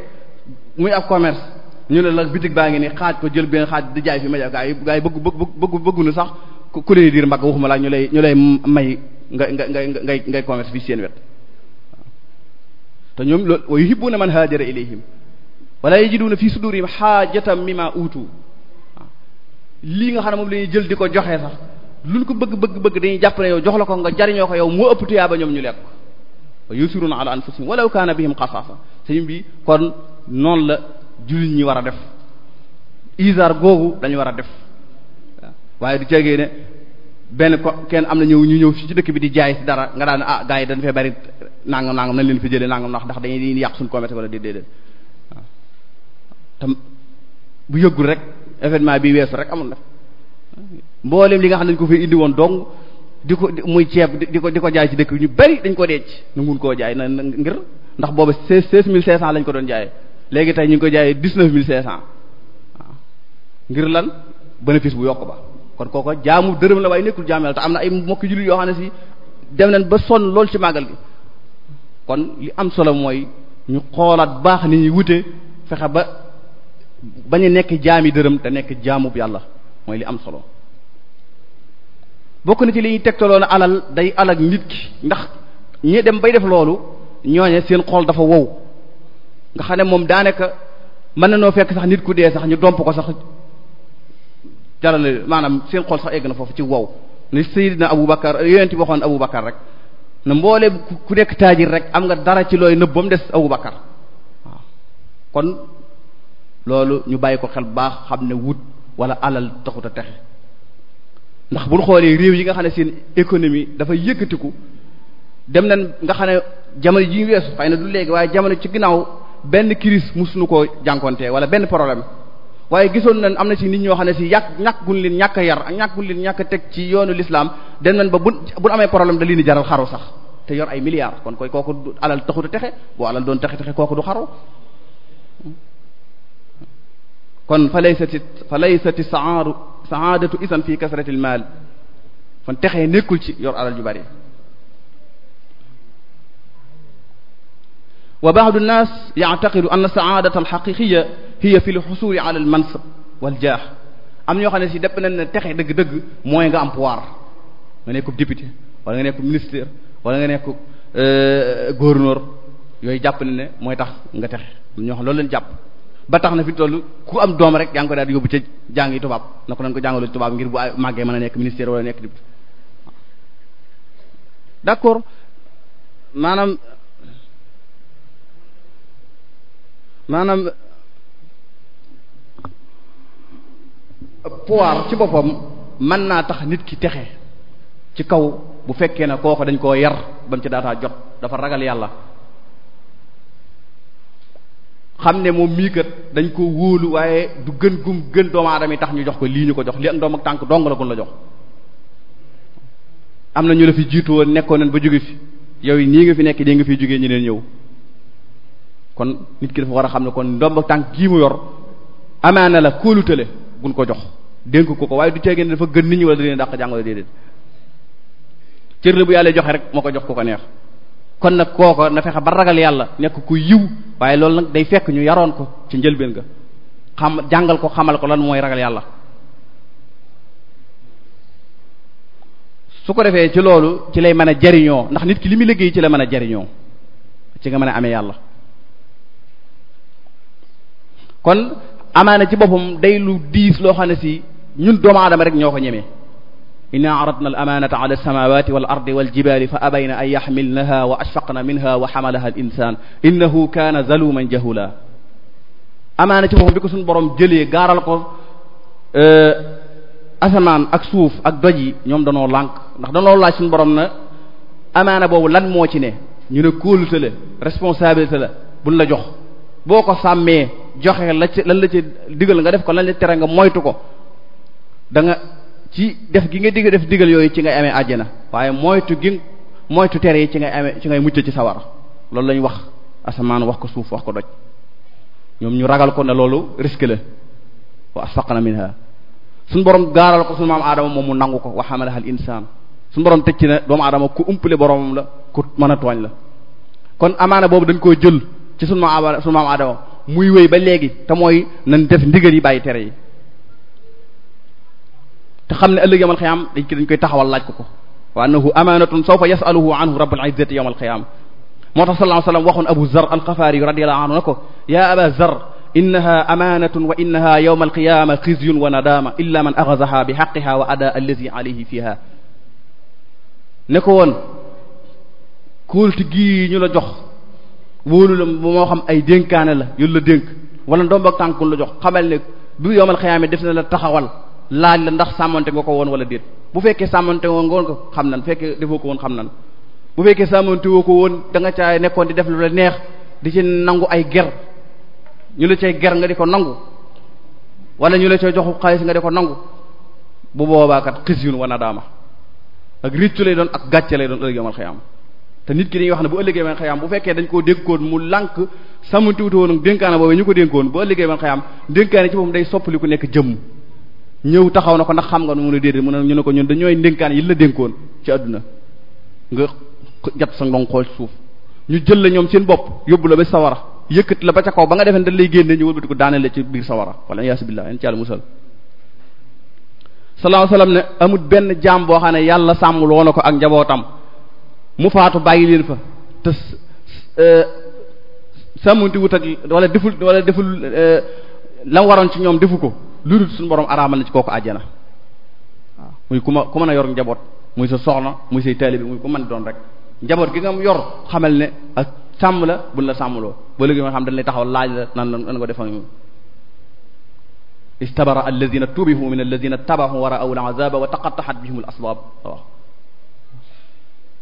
muy ab commerce ñu ne la bitig baa ngi ni xaaj ko jël benn xaaj di jaay fi ma jaay gaa yi gaa yi bëgg bëgg bëgguñu sax ku leen diir mbagg waxuma laa ñu lay ñu nga may nga nga ngay ngay ngay commerce fii seen wet te ñoom loolu wa yuhibbuna man haajara ilayhim wala yajiduna fi sudurihim mi mimma utu lii nga xam ne moom lañuy jël di ko joxe sax luñ ko bëgg bëgg bëgg dañuy jàpp ne yow jox la ko nga jariñoo ko yow moo ëpp tuyaaba ñoom ñu lekk ko wa yusiruna bi kon noonu jullit ñu war a def isaar googu dañu war a def waaye du ceegee ne benn ko kenn am na ñëw ñu ñëw ci dëkk bi di jaay dara nga daan ah gars yi dañ fee bari nangam nangam nañ leen fi jëlee nangam ndax dañuy yàq suñu commerce wala déedéet waaw tam bu yëggul rek événement bi weesu rek amul na mboolem li nga xam ne ko fi indi woon dong di ko muy ceeb di ko di ko jaay ci dëkk ñu bari dañ ko denc nanguwul koo jaay na ngir ndax boobu seize seize mille cinq cents lañ ko doon jaay léegi tey ñu ngi ko jaayee dix-neuf mille cinq cent ngir lan bénéfice bu yokk ba kon kooko jaamu dërëm la waaye nekkul jaam yàlla te am na ay mbokki jullit yoo xam ne si dem nañ ba son lool ci màggal gi kon li am solo mooy ñu xoolaat baax ni ñuy wute fexe ba bañ a nekk jaami dërëm te nekk jaamub yàlla mooy li am solo bokk na ci li ñuy tegtaloon alal day alal nit ki ndax ñi dem bay def loolu ñooñe seen xol dafa wow nga xam ne moom daanaka mën na noo fekk sax nit ku dee sax ñu domp ko sax jarale maanaam seen xol sax egg na foofu ci wow li Seydina Aboubacar yonent waxoon Aboubacar rek na mboolee ku nekk taajir rek am nga dara ci looy nëbb mu des Aboubacar waaw kon loolu ñu bàyyi ko xel bu baax xam ne wut wala alal taxut a texe ndax bu ñu xoolee réew yi nga xam ne seen économie dafa yëkkatiku dem nañ nga xam ne jamono ji ñu weesu xëy na du léegi waaye jamono ci ginnaaw benn crise musuñu ko jànkontee wala benn problème waaye gisoon nañ am na ci nit ñoo xam ne si yàq ñàkk gun leen ñàkk yar ak ñàkk gun leen ñàkk teg ci yoonu l'islam dem nañ ba bu bu amee problème da leen di jaral xaru sax te yor ay milliards kon koy kooku alal taxut a texe boo alal doon texe texe kooku du xaru kon fa laysati fa laysati saaru saadatu isan fi kasratil maal fan texe nekkul ci yor alal ju bari wa ba'du an-nas ya'taqidu anna sa'adata al-haqiqiyya hiya fi al-husul 'ala al-mansab wal-jah am ñoo xam ne si depp nañ ne texe dëgg-dëgg mooy nga am pouvoir nga nekk député wala nga nekk ministère wala nga nekk euh, gouverneur yooyu jàpp ne ne mooy tax nga texe am ñoo loolu leen jàpp ba tax na fi toll ku am doom rek yaa ko daal di yóbbu ca jàng yi tubaab na ko nañ ko jàngaloo tubaab ngir bu màggee mën a nekk ministère wala nekk député d'accord maanaam maanaam pouvoir ci boppam mën naa tax nit ki texe ci kaw bu fekkee ne kooku dañ koo yar ba ci daataa jot dafa ragal yàlla xam ne moom mii kat dañ koo wóolu waaye du gën gum gën doomu aadama yi tax ñu jox ko lii ñu ko jox li ak ndoom tànk dong la gun la jox am na ñu la fi jiitu woon nekkoon nañ ba jóge fi yow nii nga fi nekk nii nga fiy jógee ñeneen ñëw kon nit ki dafa war a xam ne kon ndomb tànk gii mu yor amaana la kóolutale buñ ko jox dénk ko ko waaye du ceegee ne dafa gën nit ñi wala da leen dàq jàngoro bu yàlla joxe rek moo ko jox ko ko neex kon nag kooko na fexe ba ragal yàlla nekk ku yiw waaye loolu nag day fekk ñu yaroon ko ci njëlbeen nga xam jàngal ko xamal ko lan mooy ragal yàlla su ko defee ci loolu ci lay mën a jariñoo ndax nit ki li muy liggéey ci la mën a jariñoo ci nga mën a amee yàlla kon amaana ci boppam day lu diis loo xam ne si ñun doomu aadama rek ñoo ko ñemee inna aradna al amanata ala alsamawati wal ardi wal jibali fa abayna an yaxmilnaha wa ashfaqna minha wa xamalaha al insan innahu kaana zaluman jahula amaana ci boppam bi ko suñu borom jëlee gaaral ko euh, asamaan ak suuf ak doj yi ñoom danoo lànk ndax danoo laaj suñ borom na amaana boobu lan moo ci ne ñu ne kóolute la responsabilité la buñ la jox boo ko sàmmee joxe la ci lan la ci digal nga def ko lan la tere nga moytu ko da nga ci def gi nga dig def digal yooyu ci ngay amee àjjana waaye moytu gi moytu tere yi ci ngay ame ci ngay mucc ci sawara loolu lañ wax asamaan wax ko suuf wax ko doj ñoom ñu ragal ko ne loolu risque la wa asfaqna minha suñu borom gaaral ko suñu maam aadama moom mu nangu ko wa hamalaha al insaan suñu borom tëj ci ne doomu aadama ku umpale boromam la ku mën a tooñ la kon amaana boobu dañ koo jël ci sunu maam sunu maam Adama muy wéy ba léegi te mooy nañ def ndigal yi bàyyi tere yi te xam ne ëllëg yawmal xiyaam dañ dañ koy taxawal laaj ko ko wa annahu amanatun soo yasaluhu anhu rabbul tax sallallahu alayhi wasallam waxoon alxafaari radiyallahu anhu na ko ya aba zar innaha amanatun wa innaha yawmal qiyaama xizyun wa nadama illa man axazaha bi xaqiha wa ada allazi alayhi fiha ne ko woon ñu la jox wóolu la moo xam ay dénkaane la yolu la dénk wala ndombak tànkul la jox xamal ne bu yomal xayaame def na la taxawal laaj la ndax sàmmante nga ko woon wala déet bu fekkee sàmmante woo nga woon xam nan bu fekkee defoo ko woon xam nan bu fekkee sàmmante woo ko woon danga caay nekkoon di def lu la neex di ci nangu ay ger ñu la cay ger nga di ko nangu wala ñu la cay jox xaalis nga di ko nangu bu boobaa kat xis yun na daama ak riccu lay doon ak gàcce lay doon ëllëg yomal xayaam te nit ki dañuy wax ne bu ëllëgee man xayaam bu fekkee dañ koo dénkoon mu lànk sàmmtiwutu woon dénkaana boobee ñu ko dénkoon bu ëllëgee man xayaam dénkaane ci boppam day soppali ku nekk jëmm ñëw taxaw na ko ndax xam nga nu mun a déedéet mu ne ñu ne ko ñun dañooy dénkaan yi la dénkoon ci àdduna nga jat sa ndong xool suuf ñu jël la ñoom seen bopp yóbbu la ba sawara yëkkat la ba ca kaw ba nga defee dañ lay génne ñu wëlbati ko daaneel la ci biir sawara wala yaasu billah en ci yàlla musal sallallahu benn jaam boo xam ne yàlla sàmm loo na ko ak njabootam mu faatu bàyyi leen fa te euh, sàmmunti wut ak wala deful wala deful euh, la waroon ci ñoom defu ko lu dul suñu borom araamal na ci kooku àjjana waaw muy ku ma ku mën a yor njaboot muy sa soxna muy say taalibe muy ku man doon rek njaboot gi nga yor xamal ne ak sàmm la buñ la sàmmloo ba léegi nga xam dañ lay taxaw laaj la nan nan ko defal ñu istabara alladhina tubihu min alladhina tabahu wa ra'aw al'azaba wa taqatta'at bihim al-asbab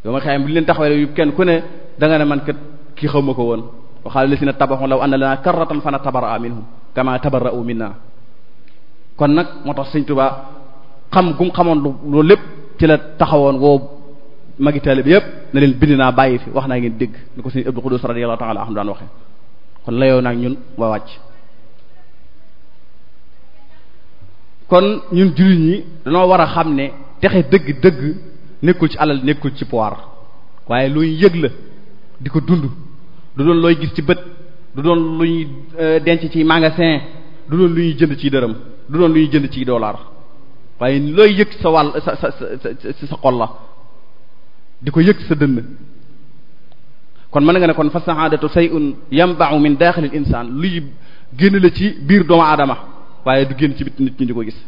yow ma xayam bi leen taxawale yu kenn ku ne da nga ne man kat kii xaw ma ko woon waxaala la si na tabaxu law anna lana karratan fana tabara minhum kama tabarra'u minna kon nag moo tax sëñ Tuubaa xam gum xamoon lépp ci taxawoon woo magi taalibe bi yépp na leen bind naa bàyyi fi wax naa ngeen dégg ni ko sëñ Abdul Qudus radiyallahu ta'ala anhu daan waxe kon la nag ñun waa wàcc kon ñun jullit ñi dañoo war a xam ne texe dëgg dëgg nekkul ci alal nekkul ci pouvoir waaye looy yëg la di ko dund du doon looy gis ci bët du doon lu ñuy euh, denc ci magasin du doon lu ñuy jënd ci dërëm du doon lu ñuy jënd ci dollar waaye looy yëg sa wàll sa sa sa sa xol la di ko yëg sa dënn kon mën nga ne kon fa saxaadatu sayun yamba'u min daaxilil insaan luy génn la ci biir doomu aadama waaye du génn ci bit nit ñi di ko gis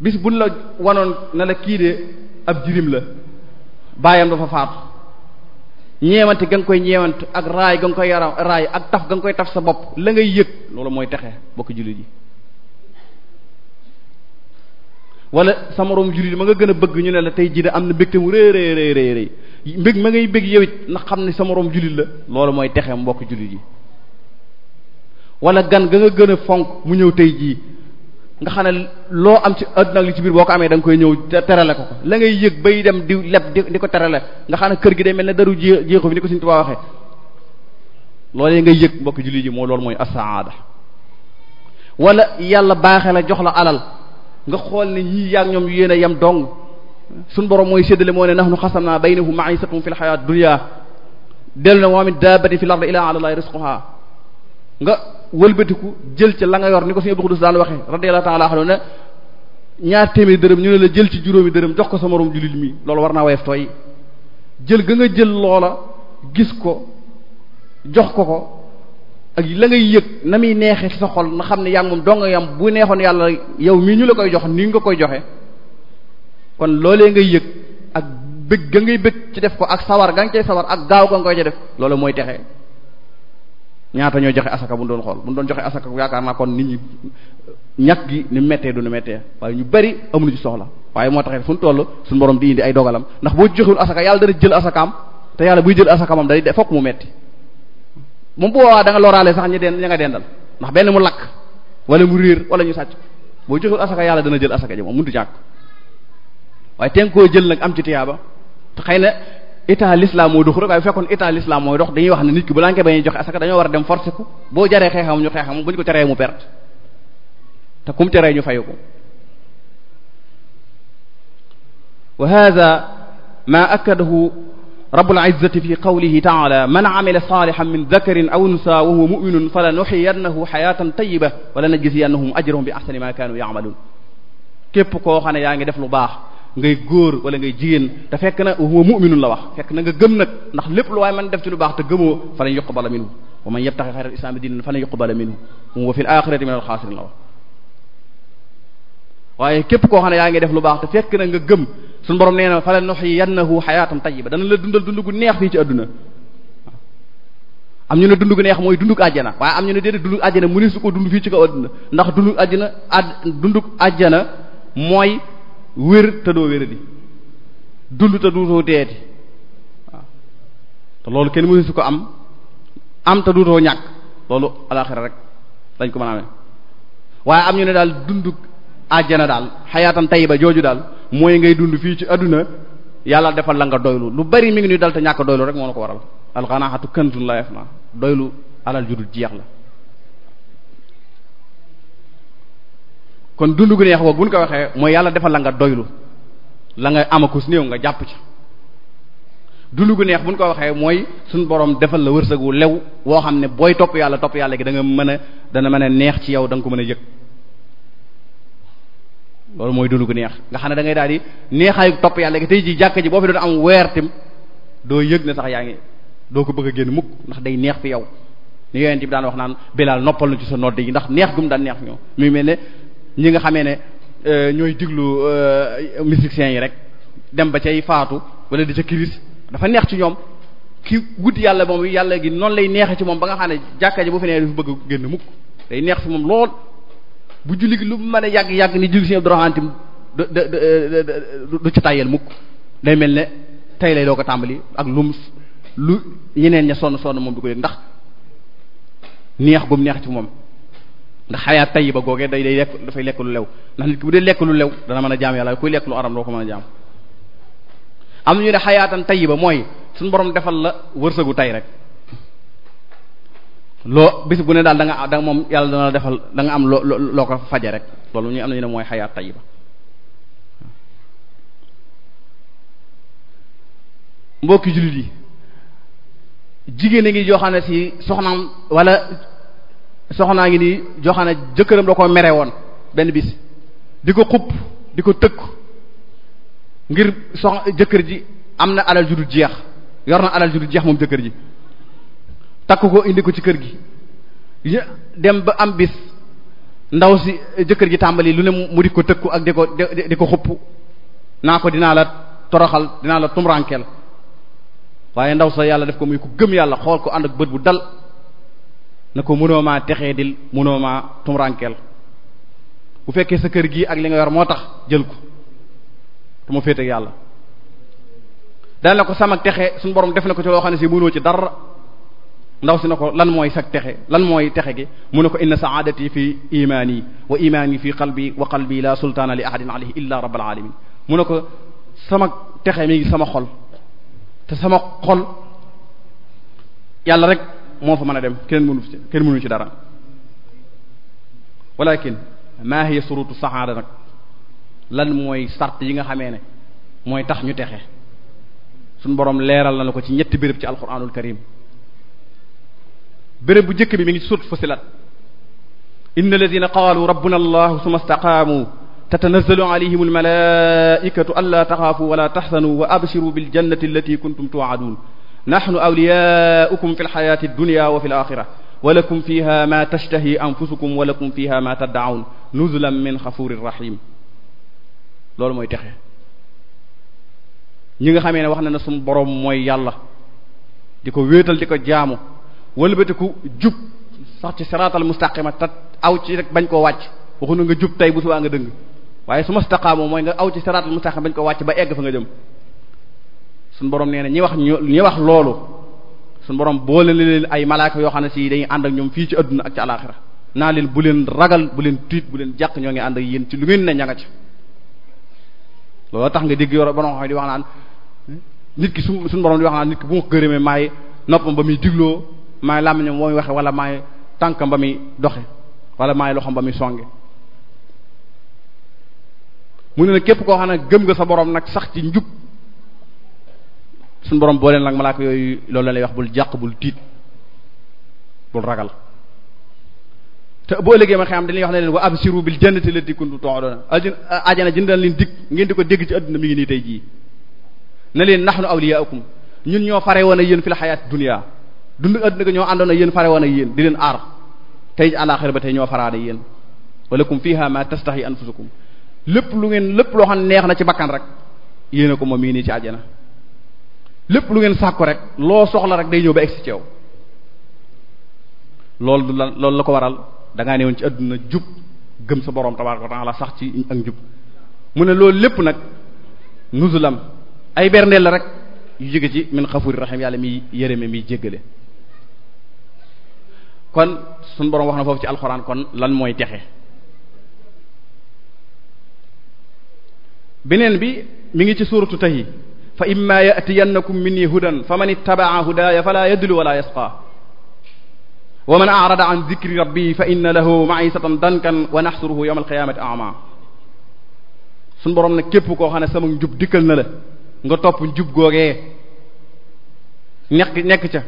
bis buñ la wanoon ne la kii de ab jirim la baayam dafa faatu ñeewante ga nga koy ñeewante ak raay ga nga koy yara raay ak taf ga nga koy taf sa bopp la ngay yëg loolu mooy texe bokk jullit yi wala sa moroom jullit ma nga gën a bëgg ñu ne la tey jii de am na mbégte mu rëy rëy rëy ndax xam ne sa moroom jullit la loolu mooy texe mbokk jullit yi wala gan ga nga gën a fonk mu ñëw tey jii nga xam ne loo am ci àdduna ak li ci biir boo ko amee da koy ñëw terale ko la ngay yëg bay dem di leb di ko terale nga xam ne kër gi day mel ne daru jé jéexu fi ni ko suñu tubaab waxee loolee ngay yëg mbokk julli ji moo lool mooy asaada wala yàlla baaxee la jox la alal nga xool ni ñii yaag ñoom yéen a yem dong suñ borom mooy séddale moo ne nahnu xasamna baynahum ma'isatum fil hayat dunya dellu ne wa min dabbatin fil ardi illa ala allahi rizquha nga wëlbatiku jël ci la nga yor ni ko suñu Abdou Khoudous daan waxee radiyallahu ta'ala anhu na ñaar téeméeri dërëm ñu ne la jël ci juróomi dërëm jox ko sa moroom jullit mi loolu war naa woyof tooy jël ga nga jël loola gis ko jox ko ko ak la ngay yëg na muy neexee ci sa xol na xam ne yaa ngi moom doo nga yam bu neexoon yàlla yow mii ñu la koy jox nii nga koy joxe kon loolee ngay yëg ak bëgg ga ngay bëgg ci def ko ak sawar ga nga sawar ak gaaw ga nga koy mooy texe ñaata ñoo joxe asaka bu ñu doon xool bu mu doon joxe asaka yaakaar naa kon nit ñi ñàkk gi ni méttee du ni méttee waaye ñu bari amuñu ci soxla waaye moo taxit fu ñu toll suñu borom di indi ay dogalam ndax boo joxewul asaka yàlla dana jël asakaam te yàlla buy jël asaka moom day de fokk mu metti moom bu boobaa da nga loraale sax ñi den ña nga dendal ndax benn mu lakk wala mu réer wala ñu sàcc boo joxewul asaka yàlla dana jël asaka ji moom mënut ñàkk waaye teen koo jël nag am ci tiyaaba xëy na état l'islam moo doxul rek waaye bu fekkoon état l'islam mooy dox dañuy wax ne nit ki bu lankee bañuy joxe asaka dañoo war a dem forcé ko boo jaree xeexam ñu xeexam bu ñu ko teree mu perte te kum teree ñu fayu ko wa hada ma akkadahu rabbul izzati fi qawlihi ta'ala man amila salihan min dhakarin aw unsa wa huwa mu'minun falanuhyiyannahu hayatan tayyibatan wa lanajziyannahum ajrahum bi ahsani ma kanu ya'malun képp koo xam ne yaa ngi def lu baax ngay góor wala ngay jigéen te fekk na huwa mu'minun la wax fekk na nga gëm nag ndax lépp lu waaye man def ci lu baax te gëmoo fa lan yuqbala minhu wa man yabtaxi xayra al-islaami diinan falan yuqbala minhu wa fil aaxirati minal xaasiriin la waaye képp koo xam ne yaa ngi def lu baax te fekk na nga gëm suñu borom nee na fa la nuhyiyannahu xayaatan tayyiba dana la dundal dund gu neex fii ci adduna am ñu ne dund gu neex mooy dundug àjjana waaye am ñu ne déedéet dundug àjjana mu ne su ko dund fii ci kaw adduna ndax dundug àjjana ad dundug àjjana mooy wér te doo wéradi dund te duutoo deeti waaw te loolu kenn mësu ko am am te duutoo ñàkk loolu alaxira rek dañ ko mën a amee waaye am ñu ne daal dund ajjana daal xayaatan ba jooju daal mooy ngay dund fii ci adduna yàlla defal la nga doylu lu bari mi ngi nuy dal te ñàkk doylu rek moo na ko waral alxanaxatu kanzun la yafna doylu alal judul jeex la kon dund gu neex bu buñ ko waxee mooy yàlla defal la nga doylu la nga amakus néew nga jàpp ci dund gu neex buñ ko waxee mooy suñ borom defal la wërsëgu lew woo xam ne booy topp yàlla topp yàlla gi da mën a dana mën a neex ci yow danga ko mën a yëg loolu mooy dund gu neex nga xam ne da ngay daal di neexaayu topp yàlla gi tey ji jàkk ji boo fi doon am weer tim doo yëg ne sax yaa ngi doo ko bëgg a génn mukk ndax day neex fi yow ni yonent bi daan wax naan bilaal noppal na ci sa nodd yi neex gum daan neex ñi nga xamee ne euh, ñooy diglu euh, musiciens yi rek dem ba cay faatu wala di ca kiris dafa neex ci ñoom ki wut yàlla moom yàlla gi noonu lay neexe ci moom ba nga xam ne jàkka ji bu fi nee du fi bëgg génn mukk day neex ci moom lool bu julli gi lu mën a yàgg yàgg ni julli si Abdourahmane tim du du ci tàyyeel mukk day mel ne tey lay doo ko tàmbali ak lum lu ñeneen ña sonn sonn moom du ko yëg ndax neex gum neex ci moom ndax xayaat tayiba googee day day lekk dafay lekk lu lew ndax nit ki bu dee lekk lu lew dana mën a jaam yàlla kuy lekk lu aram doo ko mën a jaam am ñu ne xayaatan tayiba mooy suñu borom defal la wërsëgu tay rek bu ne daal da moom yàlla dana la defal am loo ko faje rek loolu ñu mooy xayaat tayiba mbokki jullit yi jigéen a ngi joo si soxnaam wala soxnaa ngi nii joxana jëkkëram doo ko mere woon benn bis di ko xupp di ko tëkk ngir sox jëkkër ji am na alal ju jeex yor na alal ju jeex moom jëkkër ji takk ko indi ko ci kër gi dem ba am bis ndaw si jëkkër ji tàmbali lu ne mu di ko tëkku ak di ko di ko xupp naa ko dinaa la toroxal dinaa la tumrankel waaye ndaw sa yàlla def ko muy ko gëm yàlla xool ko ànd ak bët bu dal na ko mënoo maa texee dil mënoo maa tumurankeel bu fekkee sa kër gi ak li nga yor moo tax jël ko te mu féete yàlla daan la ko sama texe suñ borom def na ko ci loo xam ne si mënoo ci dara ndaw si na ko lan mooy sag texe lan mooy texe gi mu ne ko inna saadati fi imaani wa imaani fi qalbi wa qalbi la sultaana li ahadin alayhi illa rabbil alamin mu ne ko sama texe mi ngi sama xol te sama xol yàlla rek moo fa mën a dem kenn mënu ci kenn ci dara walakin maa hiya surutu saxaada nag lan mooy sart yi nga xamee ne mooy tax ñu texe suñ borom leeral na la ko ci ñetti béréb ci alquranul karim béréb bu njëkk bi mi ngi ci surtu fusilat inna alladhina qaalu rabbuna allah summa istaqaamu tatanazzalu alayhim almalaikatu an la taxaafu wala taxsanu wa abshiru biljannati allati kuntum tu'adun nahnu awliyaukum fi lxayati dunia wa fi laxira wa lakum fiha ma tashtahi anfusukum wa lakum fiha ma taddaawun nuzulan min xafurin rahim loolu mooy texe ñi nga xamee ne wax na ne suñu boroom mooy yàlla di ko wéetal di ko jaamu wëlbatiku jub sax ci siraatal mustaqima te aw ci rek bañ koo wàcc waxu na nga jub tey bu waa nga dëng waaye su ma staqaamoo mooy nga aw ci siraatal mustaqima bañ koo wàcc ba egg fa nga jëm suñu borom nee na ñi wax ñi wax loolu suñu borom boole leen ay malaaka yoo xam ne si dañuy ànd ak ñoom fii ci adduna ak ci alaxira naa leen bu leen ragal bu leen tiit bu leen jàq ñoo ngi ànd ak yéen ci lu ngeen ne ña ci loolu tax nga dégg yor borom xam di wax naan nit ki su suñu borom di wax naan nit ki bu ma ko gërëmee maay noppam ba muy digloo maay làmmiñam ba muy waxe wala maay tànkam ba muy doxe wala maay loxo ba muy songe mu ne képp koo xam ne gëm nga sa borom nag sax ci njub suñu borom boo leen nag malaaka yooyu loolu la lay wax bul jàq bul tiit bul ragal te boo ëllëgee ma xam dañuy wax ne leen wa absiru bil jannati lati kuntum tu'aduna ajana jën daan leen dig ngeen di ko dégg ci adduna mi ngi nii tey jii na leen nax nahnu awliyaakum ñun ñoo fare woon ak yéen fil xayaat dunya dund adduna ko ñoo àndoon ak yéen fare woon ak yéen di leen aar tey àlaxira ba tey ñoo faraade yéen walakum fiha ma tastahi anfusukum lépp lu ngeen lépp loo xam neex na ci bakkan rek yéen a moom mii nii ci ajana lépp lu ngeen sàkku rek loo soxla rek day ñëw ba egsi ci yow loolu du la loolu la ko waral dangaa ngaa newoon ci àdduna jub gëm sa borom tabaaraka wa ta'ala sax ci ak njub mu ne loolu lépp nag nuzulam ay berndeel la rek yu jóge ci min xafuri rahim yàlla mi yërëme mi jéggale kon suñu borom wax na foofu ci alxuraan kon lan mooy texe beneen bi mi ngi ci suuratu Tahi fa imma yatiyannakum minni hudan fa man ittabaa hudaaya fala yadlu wala yasqa wa man arada an dicri rabbi fa inna lahu maisatan dankan wa naxsuruhu yawma alqiyamati ama suñ borom nag képp koo xam ne sama njub dikkal na la nga topp njub googee nekk nekk ca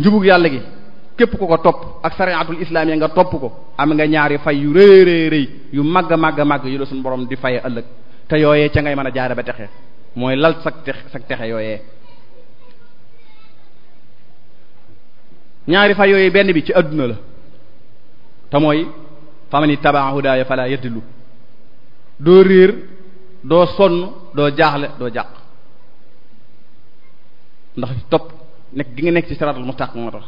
njubug yàlla gi képp ko ko topp ak islaam islaamiya nga topp ko am nga ñaari fay yu rëy rëy rëy yu màgg a màgg màgg yu la suñ borom di fay ëllëg te yooyee ca ngay mën a jaare ba texe mooy lal sak tex sak texe yooyee ñaari fa yooyee benn bi ci àdduna la te mooy famani tabaa hudaaya fala yadillu doo réer doo sonn doo jaaxle doo jàq ndax topp nekk gi nga nekk ci siratul mustaqim moo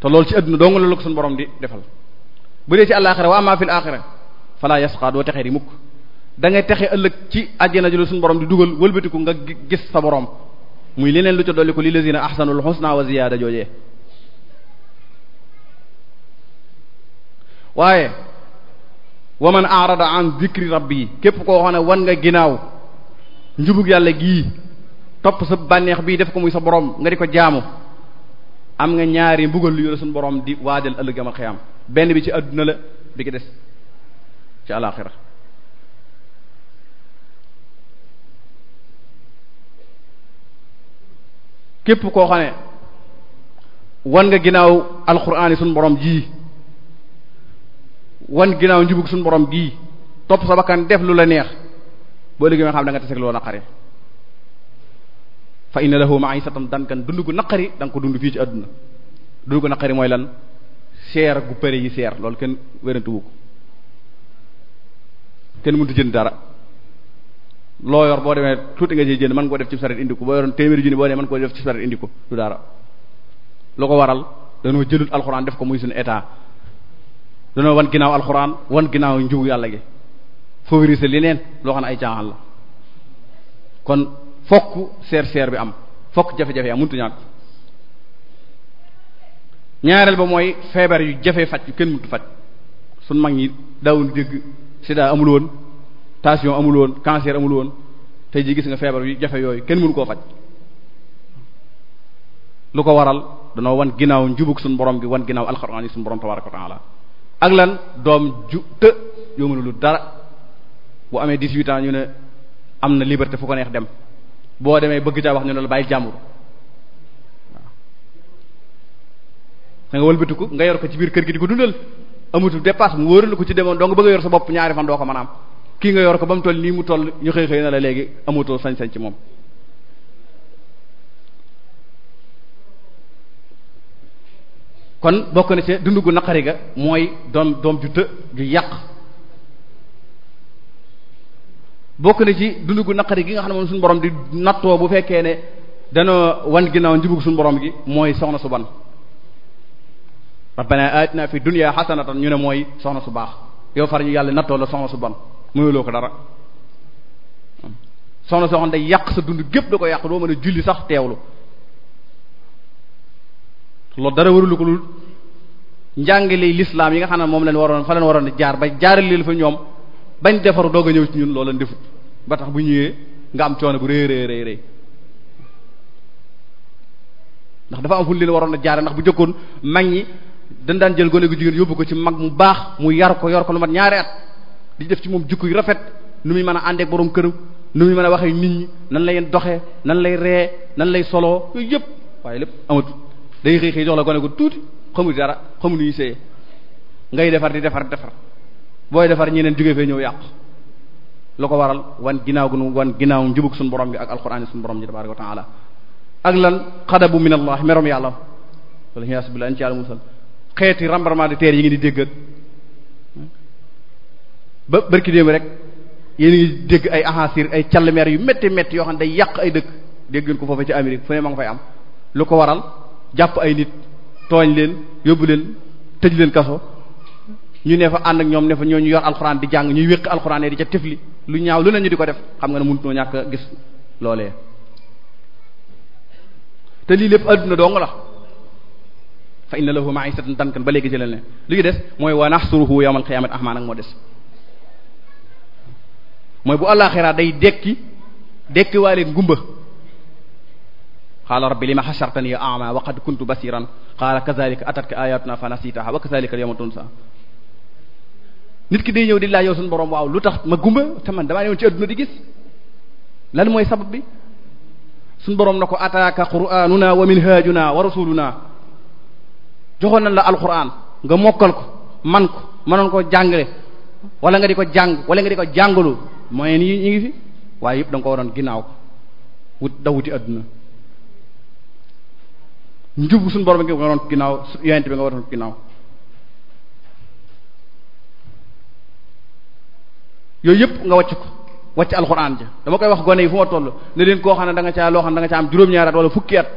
te loolu ci adduna doo nga la ko suñu borom di defal bu dee ci àllaaxira wa amma fil aaxira fala yasqa doo texee di mukk da ngay texe ëllëg ci àjjana jël suñu borom di dugal wëlbatiku nga gis fa borom muy leneen lu ca dolli ko li lazina ahsanul husna wa ziyaada joojee waaye wa man arada an zikri rabbi képp koo xam wan nga ginnaaw njubug yàlla gii topp sa bànneex bii def ko muy sa borom nga di ko jaamu am nga ñaari mbugal lu yore suñu borom di waajal ëllëg amal xiyam benn bi ci àdduna la bi ki des ci alaxira képp koo xane wan nga ginnaaw alquran yi suñu borom ji wan ginnaaw njubug suñu borom gii topp sa bakkan def lu la neex boo léegi nga xam da nga taseg loo naqari fa inna lahu ma'isatan dankan dund gu naqari da ko dund fii ci àdduna dund ko naqari mooy lan seer gu përe yi seer loolu kenn wérantuwu ko kenn mënut jën dara loo yor boo demee tuuti nga ciy jënd mën koo def ci saret indi ko boo yoroon téeméeri junni boo demee mën koo def ci saret indi ko du dara lu ko waral danoo jëlut alxuraan def ko muy suñu état danoo wan ginnaaw alxuraan wan ginnaaw njubu yàlla gi favoriser leneen loo xam ne ay caaxaan la kon fokk seer seer bi am fokk jafe-jafe am mënut ñàkk ñaareel ba mooy feebar yu jafe faj yu kenn mënut faj suñ mag ñi daawul dégg sida amul woon tension amul woon cancer amul tey ji gis nga feebar yu jafe yooyu kenn mënu koo faj lu ko waral danoo wan ginnaaw njubug suñu borom gi wan ginnaaw alxuraan yi suñu borom tabaaraka wa taala ak lan doom ju të yoo mënu dara bu amee 18 ans ñu ne am na liberté fu ko neex dem boo demee bëgg caa wax ñu ne la bàyyi jàmbur waaw da nga wëlbatiku nga yor ko ci biir kër gi di ko dundal amutu dépasse mu wóoru ko ci demoon dong bëgg a yor sa bopp ñaari fan doo ko mën kii nga yor ko ba mu toll nii mu toll ñu xëy xëy na la léegi amatoo sañ-sañ ci moom kon bokk na ci dundu gu naqari ga mooy doom doom ju të ju yàq bokk ci dundu gu naqari gi nga xam ne moom suñu borom di nattoo bu fekkee ne danoo wan ginnaaw njubug suñu borom gi mooy soxna su ban rabbana atina fi dunya hasanatan ñu ne mooy soxna su baax yow far ñu yàlla nattoo la soxna su bon loo ko dara soxna soo xam day yàq sa dund gépp da ko yàq doo mën a julli sax teewlu loolu dara warulu ko lu njàngale lislaam yi nga xam ne moom leen waroon fa leen waroon jaar ba jaarale leen fa ñoom bañ defaru doog a ñëw ci ñun loola defut ba tax bu ñëwee nga am coono bu rëy rëy rëy ndax dafa am fu leen waroon a jaare ndax bu jëkkoon mag ñi dañ daan jël gone gu jigéen yóbbu ko ci mag mu baax mu yar ko yor ko lu mat ñaari at di def ci moom jikko yu rafet nu muy mën a àndeek boroom këram nu muy mën a waxee nit ñi nan lay doxee nan lay ree nan lay soloo yooyu yëpp waaye lépp amatu day xëy xëy jox la gone gu tuuti xamul dara xamul nuy seeyee ngay defar di defar defar booy defar ñeneen jóge fee ñëw yàq lu ko waral wan ginnaaw gu nu wan ginnaaw njubug suñ borom bi ak alxuraan suñu borom bi tabaaraka wa taala ak lan xadabu min allah merom yàlla wala xiyaas billah an ci yàlla xeeti rembarement de terre yi ngeen di dégg ba barki démb rek yéen ngi dégg ay ahasir ay calmeer yu métti métti yoo xam ne day yàq ay dëkk dégg ngeen ko ci Amérique fu ne ma nga am lu ko waral jàpp ay nit tooñ leen yóbbu leen tëj leen kaso ñu ne ànd ñoom ne fa ñu yor alxuraan di jàng ñuy wéq alxuraan di ca tifli lu ñaaw lu ne ñu di ko def xam nga ne mënut noo ñàkk gis loolee te lii lépp adduna dong la fa inna lahu ma'isatan dankan ba léegi mooy wa mooy bu àllaaxira day dekki dekki waale ki day ñëw di laaj lu tax ma gumba te man damaa sabab bi suñu borom na ko ataaka qur'anuna wa minhajuna wa rasuluna joxoon nañ la alxuraan nga mokkal ko man ko mënoon koo jàngale wala nga di ko jàng wala nga di ko jàngalu moyen yi ñu ngi fi waaye yëpp da nga ko waroon ginnaaw ko wut dawuti àdduna njub suñu borom nga waroon ginnaaw yonent bi nga waroon ginnaaw yooyu yëpp nga wàcc ko wàcc alxuraan ja dama koy wax gone yi fu ma toll ne koo xam ne da nga caa loo xam ne caa am juróom-ñaari at wala fukki at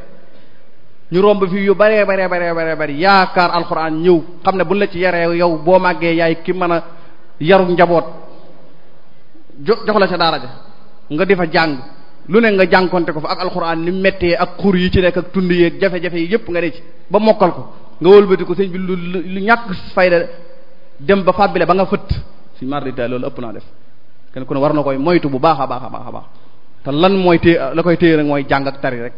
ñu romb fii yu baree baree baree baree bëri yaakaar alxuraan ñëw xam ne bu la ci yare yow boo màggee yaay ki mën a yaru njaboot jo jox la ca daara ja nga di fa jàng lu ne nga jànkonte ko ak alxuraan ni mettee ak xur yi ci nekk ak tund yeeg jafe yi yëpp nga ne ci ba mokkal ko nga wëlbati ko sëñ bi lu lu ñàkk fayda dem ba nga fëtt suñ mar loolu ëpp naa def kenn ku ne war na koy moytu bu baax a baax a baax a baax te lan mooy téye la koy téye rek mooy jàng ak tari rek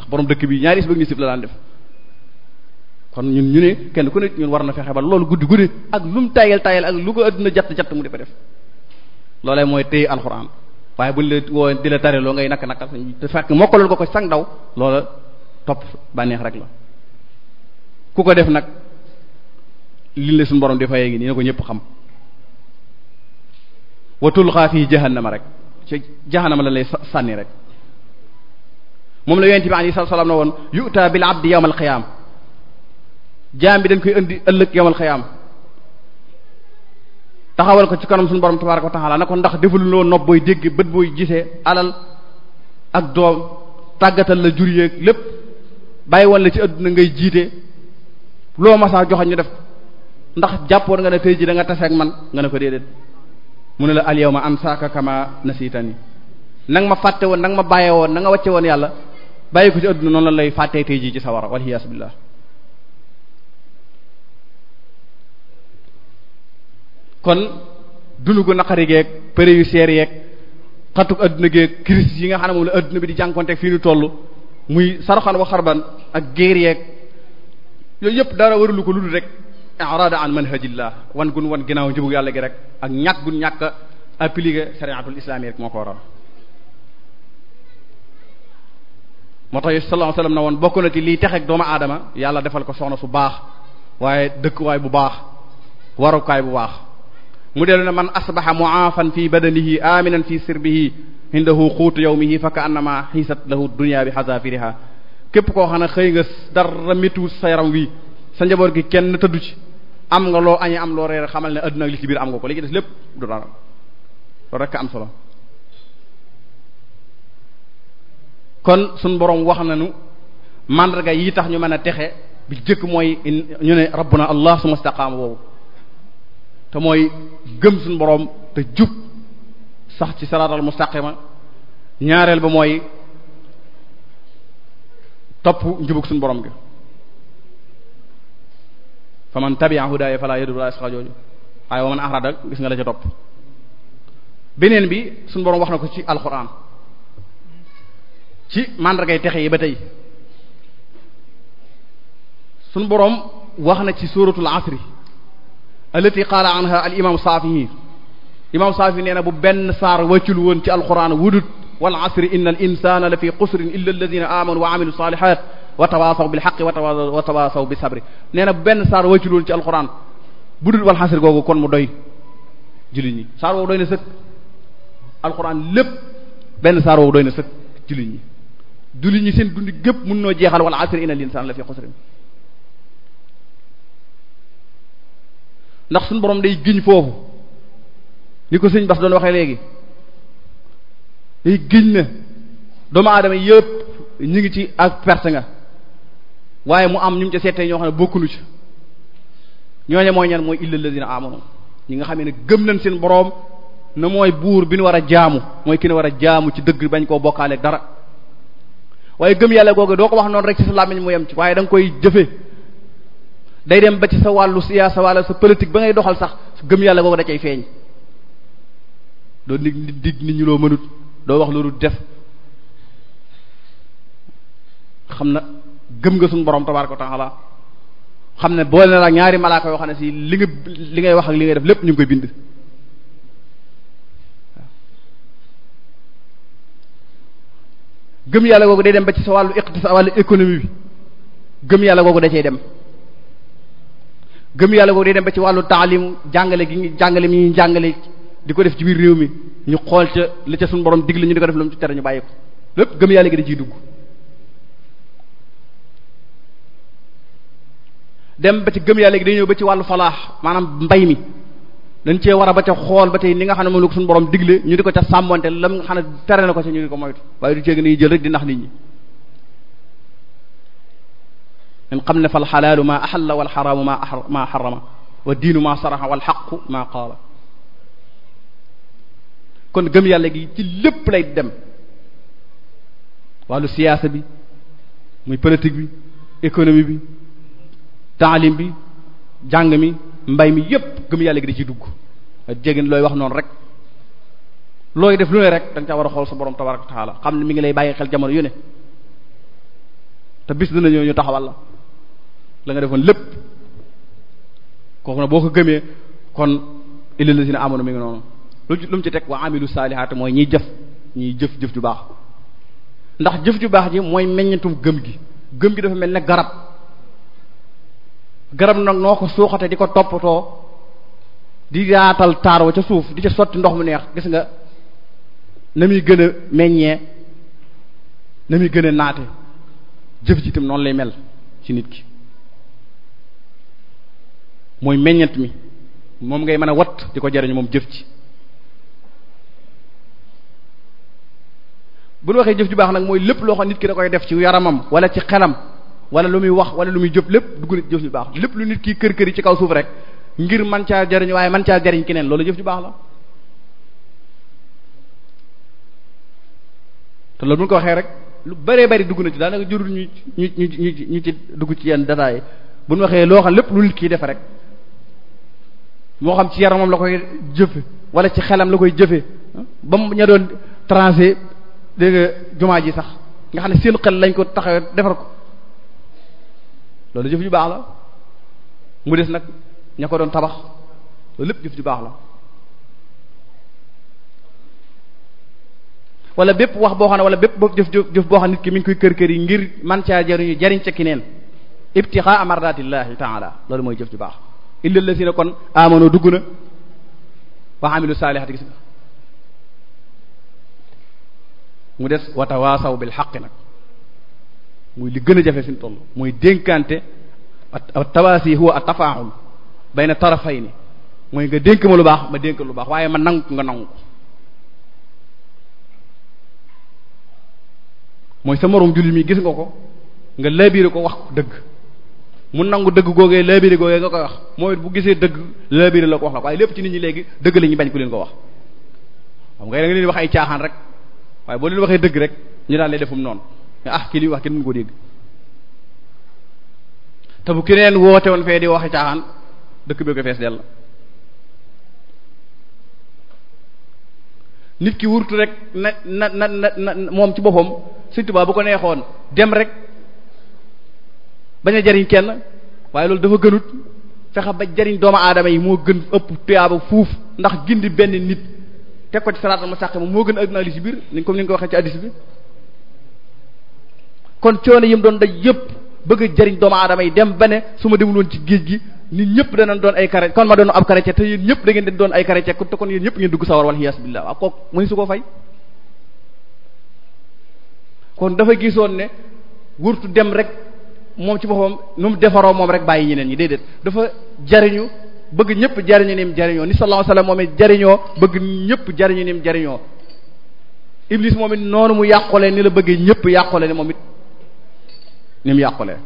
ndax borom dëkk bi ñaari isbëg ni sif la daan def kon ñun ñu ne kenn ku ne ñun war na fexe ba loolu guddi guddi ak lu mu tayal tayal ak lu ko adduna jatt jatt mu di ko def loolee mooy tey alxuraan waaye buñ la woo di la tare loo ngay nakk nakkal te fekk mokkaloon ko ko sang daw loola topp bànneex rek la ku ko def nag liñ la suñu borom di fayee ngi nii na ko ñëpp xam watul xaa fii jahannama rek ci jahannama la lay sànni rek moom la yonent bi alayhi salaam na woon yu'ta bil abdi yawmal qiyaam jaam bi dañ koy indi ëllëg yawmal qiyaam taxawal ko ci kanam suñu borom tabaaraka wa taala na ko ndax deful loo nopp booy dégg bët booy gisee alal ak doom tàggatal la jur lépp bàyyi woon la ngay jiite loo masaa joxoñ ñu def ndax jàppoon nga ne tey ji da nga taseeg man nga ne ko déedéet mu ne la al yawma ansaaka kama nasitani nanga ma fàtte woon nanga ma bàyyee woon na nga wàcce woon yàlla bàyyi ko ci adduna noonu la lay fàttee tey jii ci sawara waliyaasu billah kon dund gu naqari geeg përe yu seer yeeg xatuk adduna geeg crise yi nga xam ne moom la adduna bi di jànkonteeg fii nu toll muy sarxan wa xarban ak géer yeeg yooyu yëpp dara waralu ko lu dul rek irada an manhajillah wan gun wan ginnaaw njëbug yàlla gi rek ak ñàkk gun ñàkk appliquer shariatul islamiyya rek moo ko waral moo tax sallallahu alayhi wasallam na woon bokk na ci liy texeeg doomu aadama yàlla defal ko soxna su baax waaye dëkkuwaay bu baax warukaay bu baax mu dellu ne man asbaha mu'afan fi badanihi aminan fi sirbihi indahu quutu yawmihi fa ka annama xiisat lahu dunya bi xasafiriha képp koo xam ne xëy nga dara méttiwu sa yaram wi sa njaboot gi kenn tëddu ci am nga loo añee am loo reer xamal ne àdduna li ci biir am nga ko li ci des lépp du dara loolu am solo kon suñ borom wax nañu mandarga yi tax ñu mën a texe bi jëkk mooy ñu ne rabbuna allah suma istaqaama boobu te mooy gëm suñ borom te jub sax ci siraatal mustaqima ñaareel ba mooy topp njubug suñ boroom gi fa man tabi'a hudaaya fala yadurru wala yasqa jooju waaye wa man arada gis nga la ca topp beneen bi suñ borom wax na ko ci alquran ci màndargay texe yi ba tey sunu borom wax na ci suratul asri allati qaala anha al imam saafihi imam saafi nee na bu benn saar wàccul woon ci alquran wudut wal asri in insana la fi qusrin illa alladina amanu wa nee bu benn saar wàccul woon ci alquran budul wal asri googu kon mu doy jullit ñi saar woowu doy na sëkk alquran lépp benn saar woowu doy na sëkk jullit ñi jullit ñi seen dund gépp mun noo jeexal wala asri inal insaan la fi xusrin ndax suñ boroom day giñ foofu ni ko sëñ Bas doon waxee léegi day giñ na doomu aadama yëpp ñu ngi ci ak perte nga waaye mu am ñu mu ca seetee ñoo xam ne bokkuñu ci ñooñu mooy ñen mooy illal lazina amanu ñi nga xam ne gëm nañ seen boroom na mooy buur bi nu war a jaamu mooy ki ñu war a jaamu ci dëgg bañ koo bokkaaleeg dara. waaye gëm yàlla googu doo ko wax noonu rek ci sa làmmiñ mu yem ci waaye da koy jëfee day dem ba ci sa wàllu sa wala sa politique ba ngay doxal sax gëm yàlla googu da cay feeñ doo nit nit nit ñi loo mënut doo wax loolu def xam na gëm nga suñu borom ko tabaaraka ta'ala xam ne boole na la ñaari malaaka yoo xam ne si li nga li ngay wax ak li ngay def lépp ñu ngi koy bind gëm yàlla googu day dem ba ci sa wàllu iqti sa wàllu économie bi gëm yàlla googu da cay dem gëm yàlla googu day dem ba ci wàllu taalim jàngale gi ñu jàngale mi ñuy jàngale di ko def ci biir réew mi ñu xool ca li ca suñu borom digle ñu di ko def lu mu ci tere ñu bàyyi ko lépp gëm yàlla gi da ciy dugg dem ba ci gëm yàlla gi day ñëw ba ci wàllu falaax maanaam mbay mi dañ cee war ba ca xool ba tey ninga nga xam ne moom la ko borom digle ñu di ko ca sàmmonte lam nga xam ne tere na ko ci ñu di ko moytu waaye du ceegi nañu jël rek di nax nit ñi in xam ne fal xalaalu maa axalla wal xaraamu ma maa xarama wa diinu maa saraxa wal xaqu maa qaala kon gëm yàlla gi ci lépp lay dem wàllu siyaasa bi muy politique bi économie bi taalim bi jàng mi mbay mi yépp gëm yàlla gi di ciy dugg jégin looy wax noonu rek looy def lu ne rek da nga war a xool sa borom tabaraka wa taala xam ne mu ngi lay bàyyi xel jamono yu ne te bis dina ñëw ñu taxawal la la nga defoon lépp kooku na boo ko gëmee kon illal la si ne amoon mi ngi noonu lu lu mu ci teg waa amilu saalihaat mooy ñiy jëf ñiy jëf jëf ju baax ndax jëf ju baax ji mooy meññatum gëm gi gëm gi dafa mel ne garab garab nag noo ko suuxate di ko toppatoo di yaatal taar wa ca suuf di ca sotti ndox mu neex gis nga na muy gën meññee na muy gën a naate jëf ji itam noonu lay mel ci nit ki mooy meññet mi moom ngay mën a wat di ko jariñu moom jëf ci bu ñu waxee jëf ju baax nag mooy lépp loo xam nit ki da koy def ci yaramam wala ci xelam wala lu muy wax wala lu muy jëf lépp dugg na jëf ju baax lépp lu nit kii kër kër ci kaw suuf rek ngir man caa jariñ waaye man caa jariñ keneen loolu jëf ju baax la te loolu bu ñu ko waxee rek lu bëree bëri dugg na ci daanaka jurul ñu ñu ñu ñu ñu ci dugg ci yenn détails bu ñu waxee loo xam lépp lu nit kii def rek moo xam ci yaramam la koy jëfe wala ci xelam la koy jëfe ba mu ña doon tranché dégg ji sax nga xam ne seen xel lañ ko taxawee defar ko loolu jëf ju baax la mu des nag ña ko doon tabax loolu lépp jëf ju baax la walla bépp wax boo xam ne wala bépp boobu jëf jëf boo xam nit ki mi ngi koy kër kër yi ngir man caa jariñu jariñ ca kineen ibtixaa mardatillahi taala loolu mooy jëf ju baax illal lasina kon amano dugg na wa amilu salihati gis nga mu des watawaasaw bil xaqi nag muy li gën a jafe fi mu toll mooy dénkante tabaasi huwa a bay na bayna tarafay ni mooy nga dénk ma lu baax ma dénk lu baax waaye ma nangu nga nangu ko mooy sa moroom jullit mi gis nga ko nga laabire ko wax dëgg mu nangu dëgg googee laabire googee nga koy wax mooy bu gisee dëgg laabire la ko wax la ko waaye lépp ci nit ñi léegi dëgg la bañ ku leen ko wax xam nga da leen wax ay caaxaan rek waaye boo leen waxee dëgg rek ñu daal lay defum noonu ne ah kii li wax kenn mënu ko dégg te bu keneen woote woon fee di waxi caaxaan dëkk bi ko fees dell nit ki wurtu rek na na na na moom ci boppam Sëriñ Tuubaa bu ko neexoon dem rek bañ a jariñ kenn waaye loolu dafa gënut fexe ba jariñ doomu aadama yi moo gën ëpp tuyaaba fuuf ndax gindi benn nit teg ko ci saraatal ma sàq moom moo gën a àdduna li ci biir ni comme ni nga waxee ci addis bi kon coono yi mu doon daj yëpp bëgg a jëriñ doomu aadama yi dem ba ne su ma demul ci géej gi nit ñëpp danañ doon ay kare kon ma doon ab chrétien te yéen ñëpp da ngeen di doon ay chrétien te kon yéen ñëpp ngeen dugg sawar wal xiyaas su ko fay kon dafa gisoon ne wurtu dem rek moom ci boppam nu defaroo moom rek bàyyi ñeneen ñi déedéet dafa jariñu bëgg ñëpp jariñu ni mu jariñoo ni sallallahu alayhi moom jariñoo bëgg ñëpp jariñu ni jariñoo iblis moom it noonu mu yàqolee ni la bëggee ñëpp yàqolee ne moom it ni mu yàqule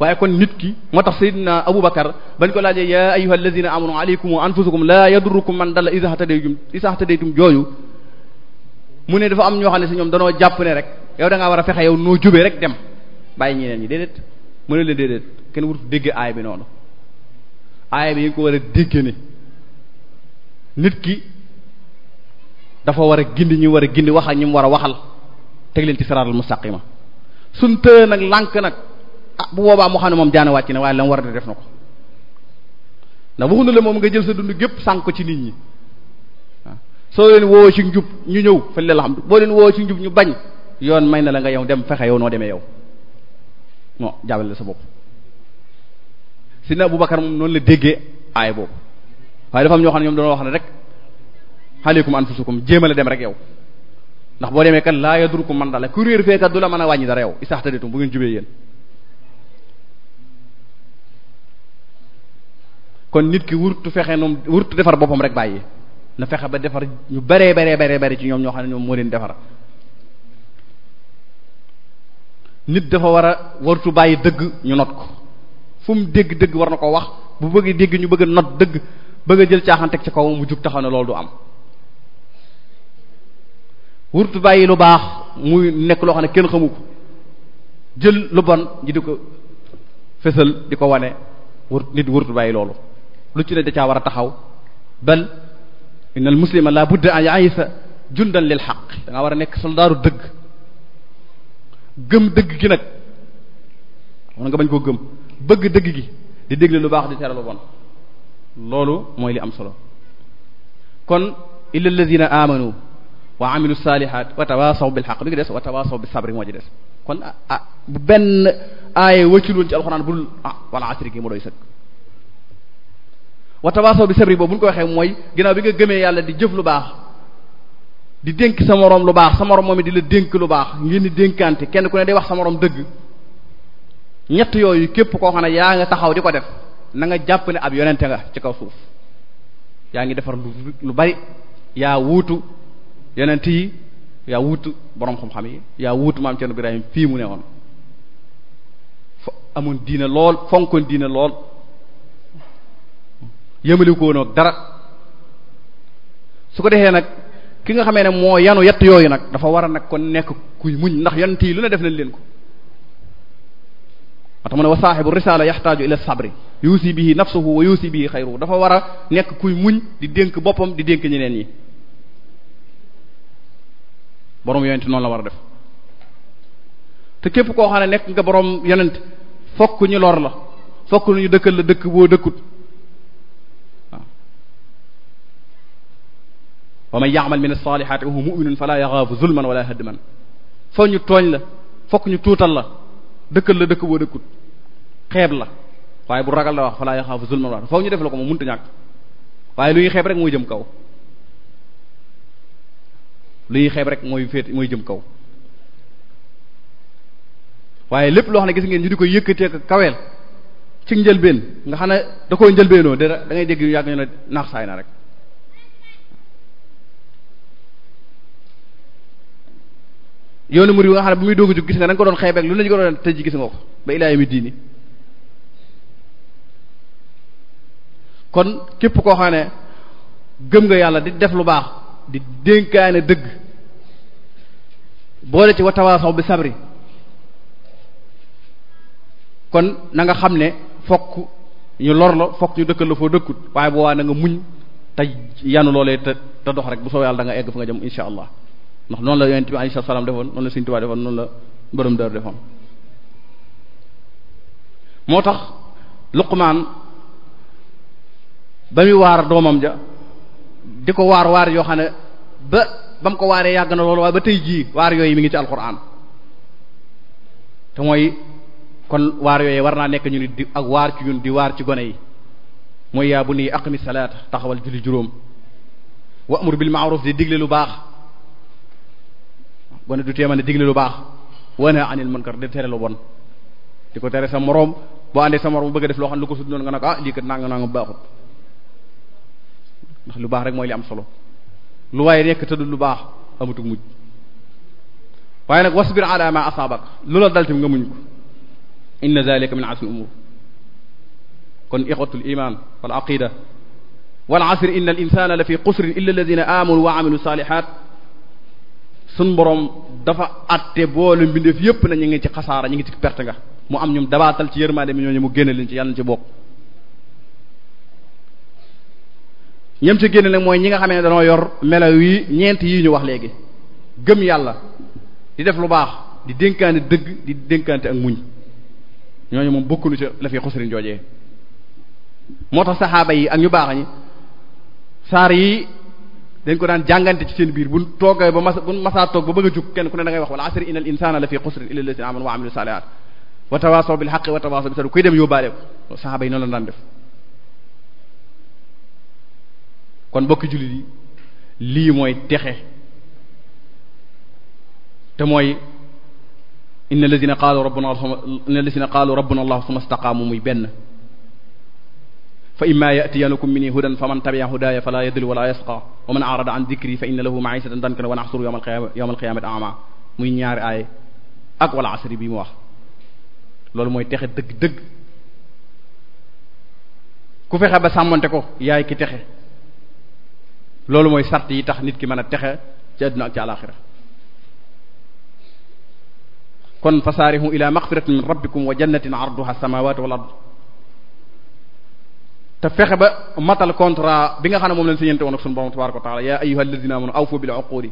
waaye kon nit ki moo tax sayyidina abubakar bañ ko laajee ya ayyuha alladhina amanu alaykum anfusukum la yadurrukum man dalla idha hadaytum idha hadaytum jooju mu ne dafa am ñoo xam ne si ñoom danoo jàpp ne rek yow da ngaa war a fexe yow noo jubee rek dem bàyyi ñeneen ñi déedéet mu ne la déedéet kenn wurtu dégg aay bi noonu aay bi yi nga ko war a dégg ne nit ki dafa war a gindi ñi war a gindi wax ñi mu war a waxal teg leen ci siraatal mustaqima suñ tëye nag lànk nag ah bu boobaa mu xam ne moom jaana wàcc na waaye la mu war a def na ko ndax waxuñu la moom nga jël sa dund gépp sànq ko ci nit ñi soo leen woo ci njub ñu ñëw fa la boo leen woo ci njub ñu bañ yoon may na la nga yow dem fexe yow noo demee yow non jaabale la sa bopp si sidna Abubakar moom noonu la déggee aay boobu waaye dafa am ñoo xam ne ñoom doon wax ne rek aleykum anfusukum jéem a la dem rek yow ndax boo demee kat laa yadrukum man dala ku réer fee du la mën a wàññi dara yow istaxtaditum bu ngeen jubee yéen kon nit ki wurtu fexe noom wurtu defar boppam rek bàyyi na fexe ba defar ñu baree bare baree bari ci ñoom ñoo xam ne ñoom moo leen defar nit dafa war a wartu bàyyi dëgg ñu not ko fu mu dégg dëgg war na ko wax bu bëgg dégg ñu bëgg not dëgg bëgg a jël caaxaan teg ci kaw mu jug taxaw ne loolu du am wurtu bàyyi lu baax muy nekk loo xam ne kenn xamu ko jël lu bon ñi di ko fësal di ko wane wur nit wurtu bàyyi loolu lu ci ne da caa war a taxaw bal inna al muslima la a an sa jundan lil xaq da nga war a nekk soldaaru dëgg gëm dëgg gi nag wana nga bañ koo gëm bëgg dëgg gi di dégle lu baax di tere lu bon loolu mooy li am solo kon illa alladhina amanu waa amilu salihat wa tawasaw bil haqq lu ngi des wa tawasaw bis sabri moo ci des kon ah, ah bu benn aaye wëcciloon ci alxuraan bu dul ah wala asri gi mu doy sëkk wa tawasaw bi sabri boobu bu ñu ko waxee mooy ginnaaw bi nga gëmee yàlla di jëf lu baax di dénk sa moroom lu baax sa moroom moom di la dénk lu baax ngeen di dénkante kenn ku ne day wax sa moroom dëgg ñett yooyu képp koo xam ne yaa ngi taxaw di ko def na nga jàpp ne ab yonente nga ci kaw suuf ngi defar lu bari yeneen yi yaa wut boroom xam-xam yi yaa wut maam Cerno Ibrahim fii mu ne woon fo amoon diine lool fonkoon diine lool yëmali ko woon dara su ko defee nag ki nga xamee ne moo yanu yett yooyu nag dafa war a nekk kuy muñ ndax yonent yi lu ne def nañ leen ko wata mu ne wa saaxibu risala yaxtaaju ila sabri yuusi bihi nafsuhu wa yuusi bihi xayruhu dafa war a nekk kuy muñ di dénk boppam di dénk ñeneen yi borom yonent noonu la war a def te képp koo xam ne nekk nga boroom yonent fokk ñu lor la fokk ñu dëkkal la dëkk boo dëkkut waaw wa man ya'mal min as-salihati wa huwa mu'minun fala yaxaafu zulman wala hadman foo ñu tooñ la fokk ñu tuutal la dëkkal la dëkk boo dëkkut xeeb la waaye bu ragal la wax fala yaxaafu zulman wala foo ñu def la ko moom mënta ñàkk waaye lu ñuy xeeb rek muy jëm kaw lu ñuy xeeb rek mooy féet mooy jëm kaw waaye lépp loo xam ne gis ngeen ñu di ko yëkkatee ak kaweel ci njëlbeen nga xam ne da koo njëlbeenoo dara da ngay dégg yàgg ñu ne naax saay na rek yoonu murid nga xam ne bu muy doogu jug gis nga da ko doon xeebeek lu nañu ko doon tëj gis nga ko ba ilaa mi diini kon képp koo xam ne gëm nga yàlla di def lu baax di dénkaane dëgg boole ci watawaasaw bi sabri kon na nga xam ne fokk ñu lor la fokk ñu dëkkal la foo dëkkut waaye boobaa na nga muñ te yanu loolee te te dox rek bu soo yàlla da nga egg fa nga jëm insha allah ndax noonu la yonent bi alayhi salaam defoon noonu la Sëriñ Tuubaa defoon noonu la borom dër defoon moo tax Luqmaan ba muy waar doomam ja di ko waar waar yoo xam ne ba bam ko waaree yàgg na loolu waa ba tey jii waar yooyu mi ngi ci alxuraan te mooy kon waar yooyu war naa nekk ñu ni di ak waar ci ñun di waar ci gone yi mooy yaa bu nii aqimi salaat taxawal julli juróom wa amur bil ma'ruf di digle lu baax gone du teema ne digle lu baax ne anil munkar di tere lu bon di ko tere sa moroom boo àndee sa moroom bu bëgg def loo xam ne lu ko sut noonu nga ne ko ah lii kat nanga nanga baaxut ndax lu baax rek mooy li am solo lu waaye nekk te lu baax amatug muj waaye nag wasbir ala ma asaabak loola dal tam nga muñ ko inna zalika min asl umur kon ixwatul iman wal aqida wal asr inna al la fi qusrin illa alladina amanu wa amilu salihat sun borom dafa atte boole mbindeef yépp na ñu ngi ci xasaara ñu ngi ci perte nga mu am ñum dabaatal ci yërmaande mi ñooñu mu génne leen ci yàlla ci bokk ñam ci génne nag mooy ñi nga xamee ne danoo yor melaw yi ñeent yii ñu wax léegi gëm yàlla di def lu baax di dénkaane dëgg di dénkaante ak muñ ñooñu moom bokkunu ca la fi xusrin joojee moo tax saxaaba yi ak ñu baax ñi saar yi dañ ko daan jàngante ci seen biir bu toogee ba masaa toog ba bëgg a jug kenn ku ne da wax wala asri inal insana la fi xusrin illa lazina amanu wa amilu salihat wa tawasaw bil haqqi wa tawasaw bis sabr kuy dem daan def kon bokki jullit yi lii mooy texe te mooy inna allazina qaalu rabbuna inna allazina qaalu rabbuna allah summa istaqaamu muy benn fa imma yatiyanakum minni hudan fa man tabi'a hudaya fala yadil wala yasqa wa man arada an dikri fa inna lahu ma'isatan dankan wa nahsuru yawmal qiyamati yawmal qiyamati a'ma muy ñaari aay ak wala asri bi mu wax loolu mooy texe dëgg-dëgg ku fexe ba sàmmante ko yaay ki texe loolu mooy sart yi tax nit ki mën a texe ci àdduna ak ci alaxira kon fasaarihu ila maxfiratin min rabbikum wa jannatin arduha samawatu wal ard te fexe ba matal contrat bi nga xam ne moom lañ siñente woon ak sunu borom tabaraka wa taala ya ayyuha alladina amanu awfu bil uqudi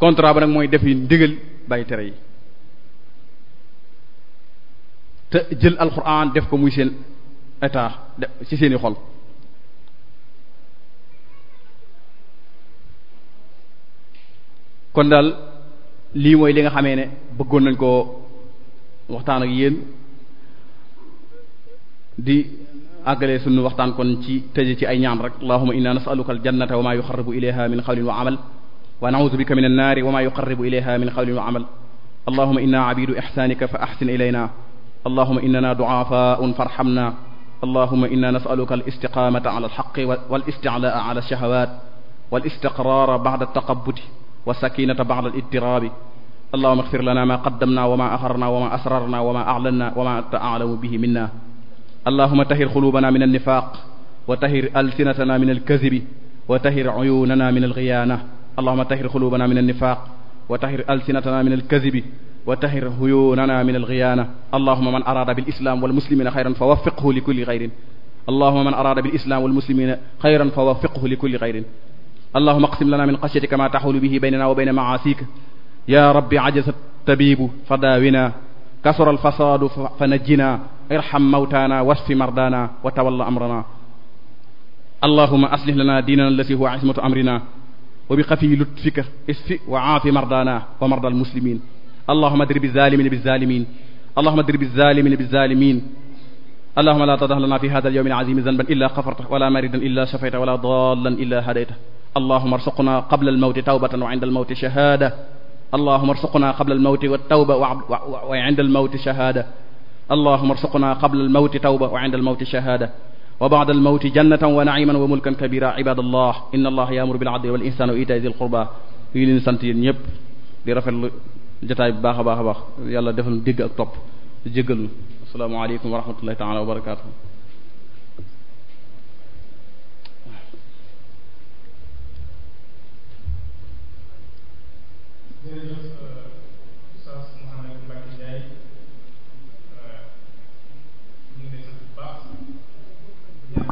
contrat ba nag mooy def yi ndigal bàyyi tere yi te jël alquran def ko muy seen état ci seeni xol kon daal lii mooy li nga xamee ne bëggoon nañ koo waxtaan ak yéen di àggale sunu waxtaan kon ci tëje ci ay ñaan rek allahumma inna nas'aluka aljannata wa ma yuqarribu ilayha min qawlin wa amal wa na'udhu bika min an-nari wa ma yuqarribu ilayha min qawlin wa amal allahumma inna abidu ihsanika fa ahsin ilayna allahumma innana du'afa'un farhamna allahumma inna nas'aluka al-istiqamata ala al-haqqi wal-isti'la'a ala ash-shahawat wal-istiqrara ba'da at-taqabbut wa sakinata ba'da al-idtirabi allahumma ighfir lana ma qaddamna wa ma akharna wa ma asrarna wa ma a'lanna wa ma anta a'lamu bihi minna allahumma tahhir qulubana min an-nifaq wa tahhir alsinatana min al-kadhib wa tahhir uyunana min al-ghiyana allahumma tahhir qulubana min an-nifaq wa tahhir alsinatana min al-kadhib wa tahhir uyunana min al-ghiyana allahumma man arada bil islam wal muslimina khayran fawaffiqhu li kulli khayrin allahumma man arada bil islam wal muslimina khayran fawaffiqhu li kulli khayrin allahuma aqsim lana min xasyatika ma taxulu bihi baynana wa bayna maasika ya rabbi ajasa tabibu fa daawina kasura alfasaadu fa najjina irham mawtaana wasfi mardaana wa tawalla amrana allahuma aslih lana diinana allati huwa ismatu amrina wa bi xafi lutfika isfi wa aafi mardaana wa marda almuslimin allahuma dir bizalimina bizalimin allahuma dir bizalimina bizalimin allahuma la tadah lana fi hada alyawmi alazimi zanban illa xafarta wala maridan illa shafayta wala dalan illa hadayta allahuma arsuqna qabla almawti tawbatan wa inda almawti shahaada allahuma arsuqna qabla almawti wa tawba wa inda almawti shahaada allahuma arsuqna qabla almawti tawba wa inda almawti shahaada wa ba'da almawti jannatan wa na'iman wa mulkan kabira ibadallah inna allah ya'muru bil 'adli wal ihsani wa ita'i dhil qurba yi leen sant yéen ñëpp di rafetlu jotaay bu baax a baax a baax yàlla defal dégg ak topp jéggal nu asalaamaaleykum wa rahmatullahi ta'ala wa barakatuh jërëjëf euh,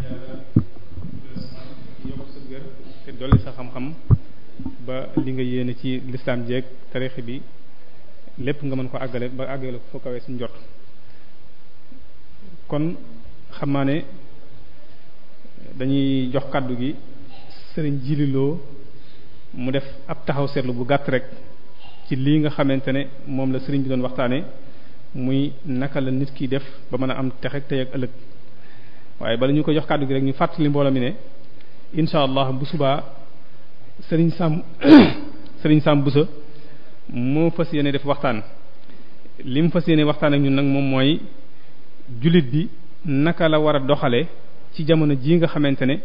euh, sa gër te dolli sa xam-xam ba li nga yéene ci lislaam jeeg tarix bi lépp nga mën ko àggale ba àggale ko foo kawee suñ jot kon xam ne dañuy jox kàddu gi sëriñ jililoo mu def ab taxaw seetlu bu gàtt rek ci lii nga xamante ne moom la sëriñ bi doon waxtaane muy naka la nit ki def ba mën a am texe tey ak ëllëg waaye bala ñu ko jox kàddu gi rek ñu fàttali mbooloo mi ne incha allah bu subaa sëriñ Sam (coughs) sëriñ Sam Boussa moo fas yéene def waxtaan li mu fas yéene waxtaan ak ñun nag moom mooy jullit bi naka la war a doxale ci jamono ji nga xamante ne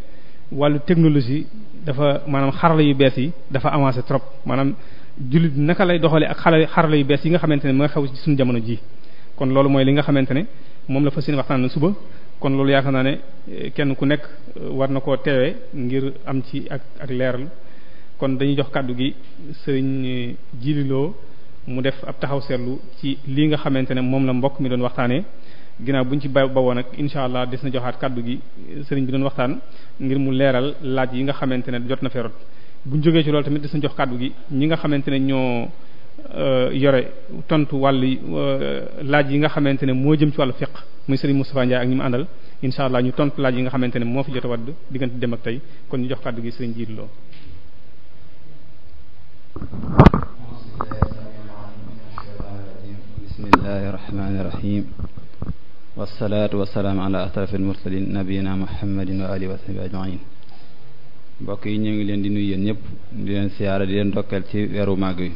wàllu technologie dafa maanaam xarala yu bees yi dafa avancé trop maanaam jullit naka lay doxalee ak xarala yu bees yi nga xamante ne mooy xew ci suñu jamono ji kon loolu mooy li nga xamante ne moom la fa yéene waxtaan suba kon loolu yaakaar ne eh, kenn ku nekk eh, war na koo teewee ngir am ci ak ak leeral kon dañuy jox kàddu gi sëriñ eh, jililoo mu def ab taxaw seetlu ci lii nga xamante ne moom la mbokk mi doon waxtaanee ginnaaw bu ñu ci ba bawoon ak incha allah des na joxaat kàddu gi sëriñ bi doon waxtaan ngir mu leeral laaj yi nga xamante ne jot na ferot buñ jógee ci loolu tamit di suñ jox kàddu gi ñi nga xamante ne ñoo euh, yore tontu wàll euh, laaj yi nga xamante ne moo jëm ci wàll fiqh muy Serigne Moustapha Ndiaye ak ñi mu àndal incha allah ñu tontu laaj yi nga xamante ne moo fi jot a wadd diggante dem ak tey kon ñu jox kàddu gi Serigne Jiitu Lo bismillahi rahmaani rahim wasalaatu wasalaamu ala ashrafil mursalin nabiyina muhammadin wa alihi wa sahbihi ajma'in mbokk yi ñu ngi leen di nuyu yéen ñëpp di leen siyaara di leen dokkeel ci weeru màgg yi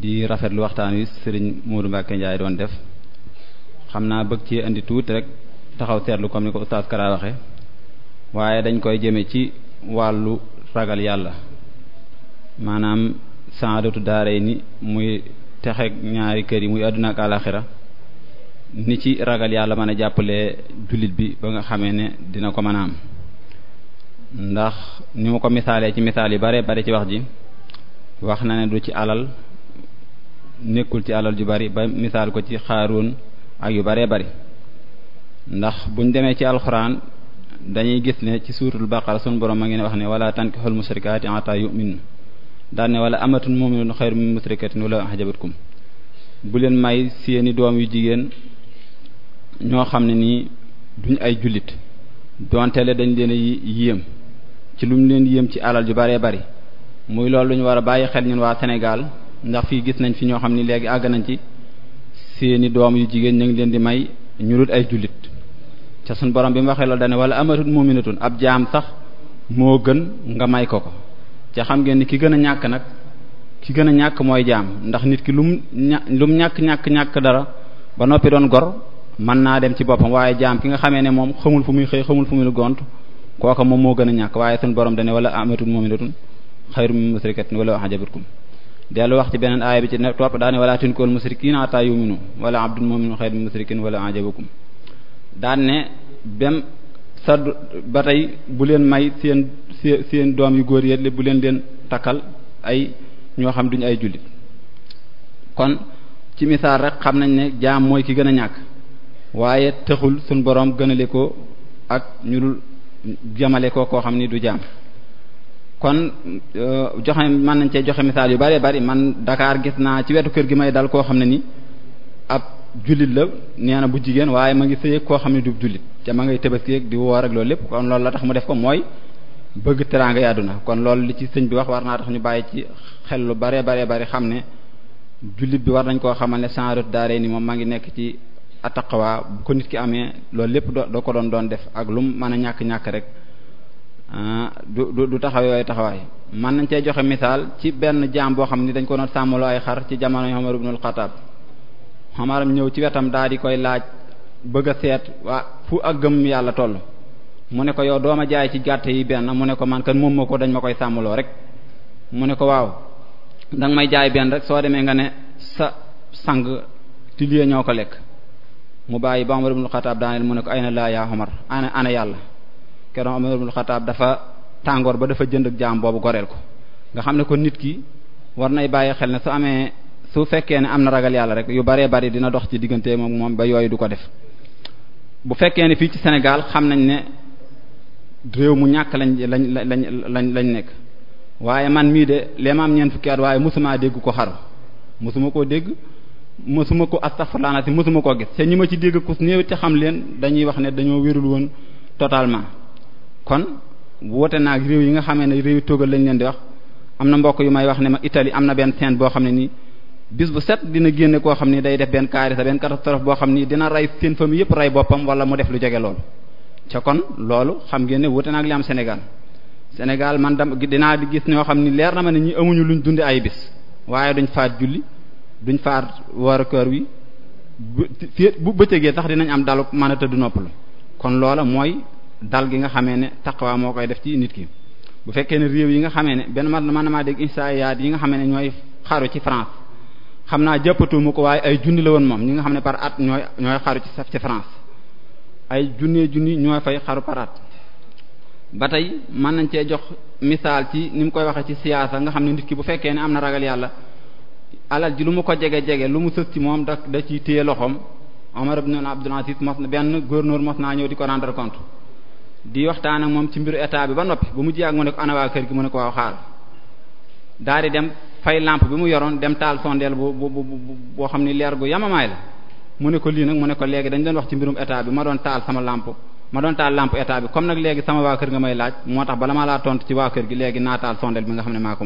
di rafetlu waxtaan wi sëriñ Modou Mbacke Ndiaye doon def xam naa bëgg ci indi tuuti rek taxaw seetlu comme ni ko Oustaz Kara waxe waaye dañ koy jëme ci wàllu ragal yàlla maanaam saadatu daare ni muy texe ñaari kër yi muy àdduna ak àlaxira ni ci ragal yàlla mën a jàppale jullit bi ba nga xamee ne dina ko mën a am ndax ni mu ko misaalee ci misaal yu bare bari ci wax ji wax na ne du ci alal nekkul ci alal ju bari ba misaal ko ci xaaroon ak yu bare bari ndax buñ demee ci alxuraan dañuy gis ne ci suuratul baqara sunu borom ma ngeen wax ne wala tankihul musrikaati hatta yu'min daal ne wala amatun mu'minun xayru min musrikatin wala ajabatkum bu leen may seeni doom yu jigéen ñoo xam ne nii duñ ay jullit donte le dañ leen a yéem ci lu mu leen yéem ci alal yu bëree bëri muy loolu lu ñu war a bàyyi xel ñun waa Sénégal ndax fii gis nañ fi ñoo xam ni léegi àgg nañ ci seeni doom yu jigéen ñu ngi leen di may ñu dul ay jullit ca suñ borom bi mu waxee loolu dane wala amatut muminatun ab jaam sax moo gën nga may ko ko ca xam ngeen ni ki gën a ñàkk nag ki gën a ñàkk mooy jaam ndax nit ki lu mu lu ñàkk ñàkk ñàkk dara ba noppi doon gor mën naa dem ci boppam waaye jaam ki nga xamee ne moom xamul fu muy xëy xamul fu muy gont kooka moom moo gën a ñàkk waaye suñ borom dane wala amatun mu'minatun xayru min musrikatin wala ajabatkum dellu wax ci beneen aaya bi ci ne topp daane wala tunkul musrikina ata yuminu wala abdun mu'minun xayru min musrikin wala ajabakum daan ne bem sa ba tey bu leen may seen seen seen doom yu góor yéen bu leen leen takkal ay ñoo xam duñ ay jullit kon ci misaal rek xam nañ ne jaam mooy ki gën a ñàkk waaye taxul suñ borom gënale ko ak jëmale ko koo xam ni du jaam kon euh, joxe mën nañ cee joxe misaal yu bëree bëri man dakaar gis naa ci wetu kër gi may dal koo xam ne ni ab jullit la nee na bu jigéen waaye ma ngi sëyeeg koo xam ne du jullit te ma ngay tëbaski ak di woor ak loolu lépp kon loolu la tax mu def ko mooy bëgg teraanga yàdduna kon loolu li ci sëñ bi wax war naa tax ñu bàyyi ci xel lu bëree baree bëri xam ne jullit bi war nañ koo xamal ne sans retard ni moom ma ngi nekk ci attaqwa bu ko nit ki amee loolu lépp doo ko doon doon def ak lu mu mën a ñàkk-ñàkk rek ah, du du taxaw yooyu taxawaay mën nañ cee joxe misaal ci benn jaam boo xam ni dañ ko doon sàmmloo ay xar ci jamono Umar ibnul Xattaab Umar ñëw ci wetam daal di koy laaj bëgg a seet waa fu ak gëm yàlla toll mu ne ko yow dooma jaay ci gàtt yi benn mu ne ko man kan moom ma ko dañ ma koy sàmmaloo rek mu ne ko waaw danga may jaay benn rek soo demee nga ne sa sang tiliya ko lekk mu bàyyi ba Umar ibn Xattaab daaneel mu ne ko ay na laa yaa Umar ana ana yàlla keroog Umar ibn Xattaab dafa tàngoor ba dafa jënd ak jaam boobu goreel ko nga xam ne ko nit ki war nay bàyyi xel ne su amee su fekkee ne am na ragal yàlla rek yu baree bari dina dox ci diggante moom moom ba yooyu du ko def bu fekkee ne fii ci Sénégal xam nañ ne réew mu ñàkk lañ lañ lañ lañ lañ nekk waaye man mii de leemaam ñeent fukki at waaye mosuma dégg ko xaru mosuma mësuma ko astaghfirullah na si mësuma koo gis te ñi ma ci dégg kus néew te xam leen dañuy wax ne dañoo wérul woon totalement kon woote naag réew yi nga xamee ne réew toggal lañ leen di wax am na mbokk yu may wax ne ma Italie am na benn scène boo xam ne nii bis bu set dina génne koo xam ni day def benn kaarisa benn catastrophe boo xam ni dina rey seen famille yëpp rey boppam wala mu def lu jege loolu ca kon loolu xam ngeen ne wute nag li am Sénégal Sénégal man dam dinaa di gis ñoo xam ni leer na ma ne ñi amuñu luñ dunde ay bis waaye duñ faat julli duñ faar war a koor wi bu bu bëccëgee tax dinañ am dalu man a tëdd noppalu kon loola mooy dal gi nga xamee ne taqwa moo koy def ci nit ki bu fekkee ne réew yi nga xamee ne benn man man maa dégg insaayaat yi nga xamee ne ñooy xaru ci France xam naa jàppatuma ko waaye ay junni la woon moom ñi nga xam ne par at ñooy ñooy xaru ci ci France ay junnee junni ñooy fay xaru par at ba tey mën nañ cee jox misaal ci ni mu koy waxee ci siyaasa nga xam ne nit ki bu fekkee ne am na ragal yàlla alal ji lu mu ko jege jege lu mu sës ci moom da da ciy téye loxoom Omar ibn Abdul Aziz mos na benn gouverneur mos naa ñëw di ko rendre compte di waxtaan ak moom ci mbiru état bi ba noppi bu mu jiyaag mu ne ko ana waa kër gi mu ne ko waaw xaal daal di dem fay lampe bi mu yoroon dem taal sondeel bu bu boo xam ni leer gu yamamaay la mu ne ko lii nag mu ne ko léegi dañ doon wax ci mbirum état bi ma doon taal sama lampe ma doon taal lampe état bi comme nag léegi sama waa kër nga may laaj bala ma laa tontu ci waa kër gi léegi naa taal sondeel nga xam ne maa ko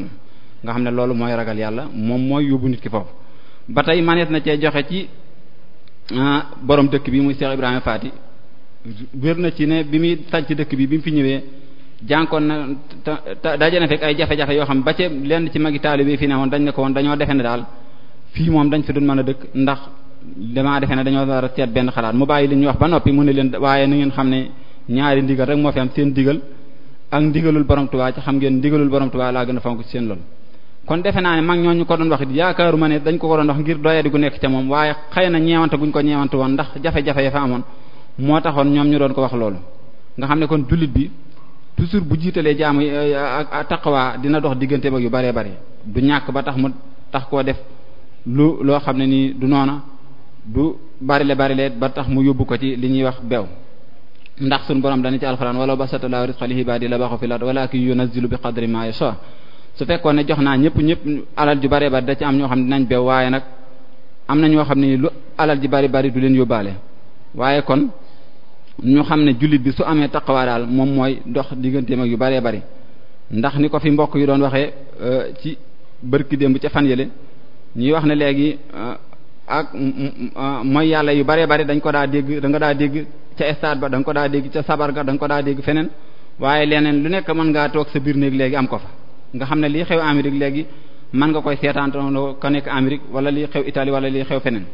nga xam ne loolu mooy ragal yàlla moom mooy yóbbu nit ki foofu ba tey manees na cee joxe ci ah, boroom dëkk bi muy Cheikh Ibrahima Fati wér na ci ne bi muy ci dëkk bi bi mu fi ñëwee jànkoon na daje na fekk ay jafe-jafe yoo xam ba ci lenn ci magi taalibe bi fi ne dañ ne dañoo defe ne daal fii moom dañ fi doon mën a dëkk ndax damaa defe ne dañoo war a seet benn xalaat mu bàyyi li ñuy wax ba noppi mu ne leen waaye na ngeen xam ne ñaari ndigal rek moo fi am seen digal ak ndigalul borom Tuubaa ci xam ngeen ndigalul borom Tuubaa laa gën a fonk ci seen lool kon defe naa ne mag ñu ko doon wax it yaakaaruma ne dañ ko ko doon wax ngir doyadi gu nekk ca moom waaye xëy na ñeewante guñ ko ñeewante woon ndax jafe-jafe ya fa amoon moo taxoon ñoom ñu doon ko wax loolu nga xam ne kon jullit bi toujours bu jiitalee jaamu eh, taqwa dina dox diggante ba yu bare bare du ñàkk ba tax mu tax koo def lu loo xam ne nii du noona du barile barile ba tax mu yóbbu ko ci li ñuy wax beew ndax suñ borom dana ci alxuraan wala basata laahu rizqa li ma yasha su fekkoon ne jox naa ñëpp ñëpp alal ju bari bari da am ñoo xam ne dinañ beew waaye nag am na ñoo xam ne lu alal ji bari bari du leen yóbbaale waaye kon ñu xam ne jullit bi su amee taqawaa moom mooy dox digganteem ak yu baree bari ndax ni ko fi mbokk yu doon waxee euh, ci bërki démb ca fan yële ñuy wax ne léegi euh, ak euh, mooy yàlla yu baree bari dañ ko daa dégg da nga daa dégg ca stade ba da ko daa dégg ca sabar ga ko daa dégg feneen waaye leneen lu nekk mën ngaa toog sa biir néeg léegi am ko fa nga xam ne lii xew Amérique léegi mën nga koy seetaantaloo ka nekk Amérique wala lii xew Italie wala lii xew feneen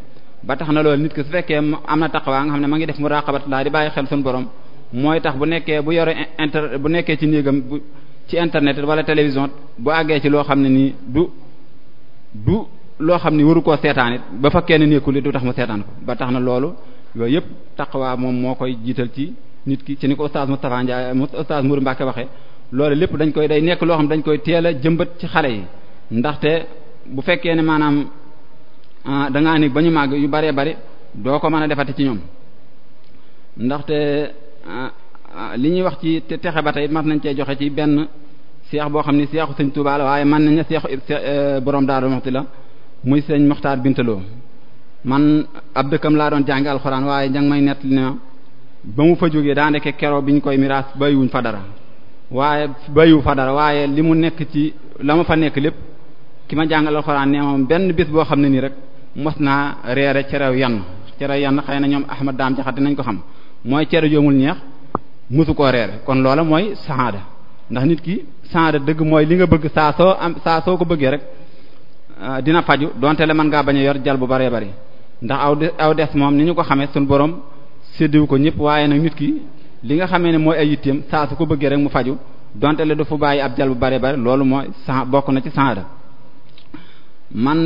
ba tax na loolu nit ki su fekkee am na taqwa nga xam ne ma ngi def muraqabat laa di bàyyi xel suñu borom mooy tax bu nekkee bu yore inter bu nekkee ci néegam bu ci internet wala télévision bu àggee ci loo xam ne nii du du loo xam ne waru koo seetaan ba fa kenn nekkul it du tax mu seetaan ko ba tax na loolu yooyu yëpp taqwa moom moo koy jiital ci nit ki ci ni ko oustaz Moustapha Ndiaye oustaz Mourou Mbacke waxee loole lépp dañ koy day nekk loo xam dañ koy teel a jëmbat ci xale yi ndaxte bu fekkee ne maanaam ah, da ngaa ni ba ñu màgg yu bëree bëri doo ko mën a defati ci ñoom ndaxte ah, ah, li ñuy wax ci te texe ba tey mat nañ cee joxe ci benn seex boo xam ni seexu sëñ Tuubaa la waaye man nañu seexu eh, borom Daaru Muxti la muy sëñ Muxtaar Bintaloo man ab dëkkam laa doon jàngi alxuraan waaye jàng may nett li ne ba mu fa jógee daanaka keroo bi ñu koy miraas bàyyiwuñ fa dara waaye bayu fa dara waaye li mu nekk ci la ma fa nekk lépp ki ma jàngal alxuraan nee moom benn bis boo xam ne nii rek mos naa reere cerew yan cerew yan xëy na ñoom ahmad daam jaxat dinañ ko xam mooy cere joomul ñeex mësu koo reere kon loola mooy saada ndax nit ki saada dëgg mooy li nga bëgg saa soo am saa soo ko bëggee rek ah, dina faju donte le mën ngaa bañ a yor jal bu baree bari ndax aw aw des moom ni ñu ko xamee suñu borom séddiwu ko ñëpp waaye nag nit ki li nga xame ne mooy ay yitteem saa su ko bëggee rek mu faju donte le dafa bàyyi ab jal bu bare bare loolu mooy sa bokk na ci saada man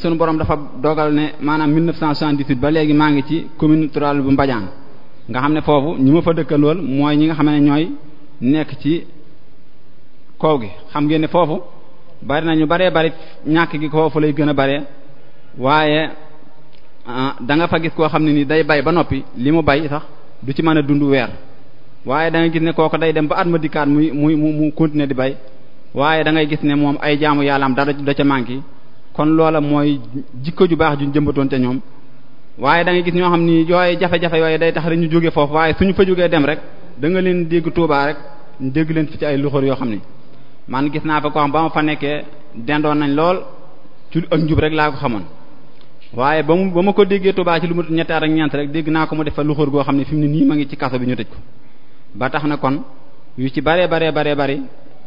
sunu borom dafa dogal ne maanaam 1978 ba léegi maa ngi ci commune rurale bu Mbadiane nga xam ne foofu ñi ma fa dëkkandool mooy ñi nga xam ne ñooy nekk ci kaw gi xam ngeen ne foofu bari na ñu baree bari ñàkk gi foofu lay gën a bare waaye ah, da nga fa gis koo xam ne nii day bay ba noppi li mu bay sax du ci mën a dund weer waaye da nga gis ne kooku day dem ba at ma dikkaat muy muy mu mu continuer di bay waaye da ngay gis ne moom ay jaamu yàllaam dara da ca manqué kon loola mooy jikko ju baax juñ jëmbatoon te ñoom waaye da ngay gis ñoo xam ni yooyu jafe-jafe yooyu day tax ñu jóge foofu waaye suñu fa jógee dem rek da nga leen dégg Tuubaa rek dégg leen fi ci ay luxor yoo xam ni man gis naa fa ko xam ba ma fa nekkee dendoon nañ lool ci ak njub rek laa ko xamoon waaye ba mu ba ma ko déggee tubaa ci lu mu ñetti at ak ñeent rek dégg naa ko mu defal lu xóor goo xam ne fi mu ne nii ma ngi ci kaso bi ñu tëj ko ba tax na kon yu ci baree baree baree euh, bari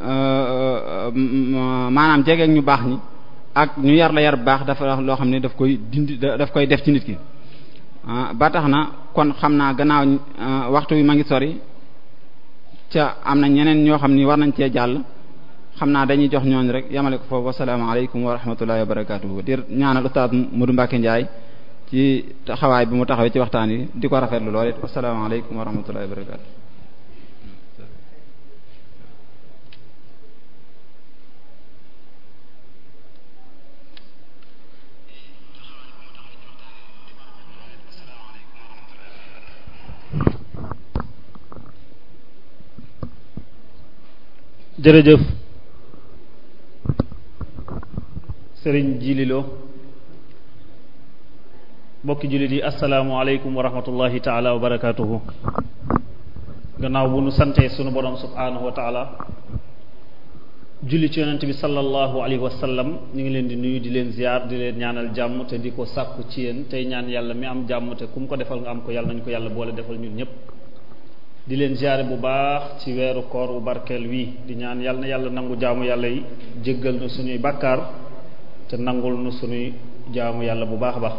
euh, maanaam jegeeg ñu baax ñi ak ñu yar la yar bu baax dafa loo xam ne daf koy dindi daf koy def ci nit ki ah, ba tax na kon xam naa gannaaw euh, waxtu wi ma ngi sori ca am na ñeneen ñoo xam ni war nañ cee jàll xam naa dañuy jox ñooñu rek yamale ko foofu wasalaamaaleykum wa rahmatullahi wa barakatuhu di ñaanal ustaaz Modou Mbacke ci taxawaay bi mu taxawee ci waxtaan di ko rafet lool it wasalaamaaleykum wa rahmatullahi sëriñ jililo mbokki jullit yi asalaamualeykum wa rahmatullahi taala wa barakatuhu gannaaw bu nu santee sunu borom subhanahu wa taala julli ci yonent bi sallallahu alayhi wa sallam ñu ngi leen di nuyu di leen ziar di leen ñaanal jàmm te di ko sàkku ci yéen tey ñaan yàlla mi am jàmm te ku ko defal nga am ko yàlla nañu ko yàlla boole defal ñun ñëpp di leen ziare bu baax ci weeru koor bu barkeel wii di ñaan yàlla na yàlla nangu jàmm yàlla yi jéggal na suñuy bàkkaar te nangul nu sunuy jaamu yàlla bu baax a baax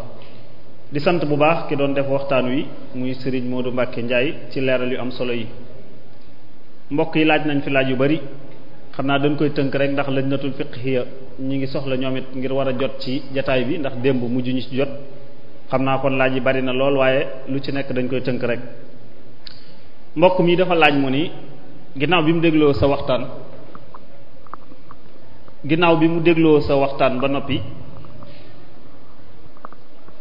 di sant bu baax ki doon def waxtaan wi muy Serigne du Mbacke njaay ci leeral yu am solo yi mbokk yi laaj nañ fi laaj yu bari xam naa dañ koy tënk rek ndax lajnatul fiqhiya ñi ngi soxla ñoom it ngir war a jot ci jataay bi ndax démb mujj ñu ci jot xam naa kon laaj yi bari na lool waaye lu ci nekk dañ koy tënk rek mbokk mi dafa laaj mu ni ginnaaw bi mu dégloo sa waxtaan ginnaaw bi mu dégloo sa waxtaan ba noppi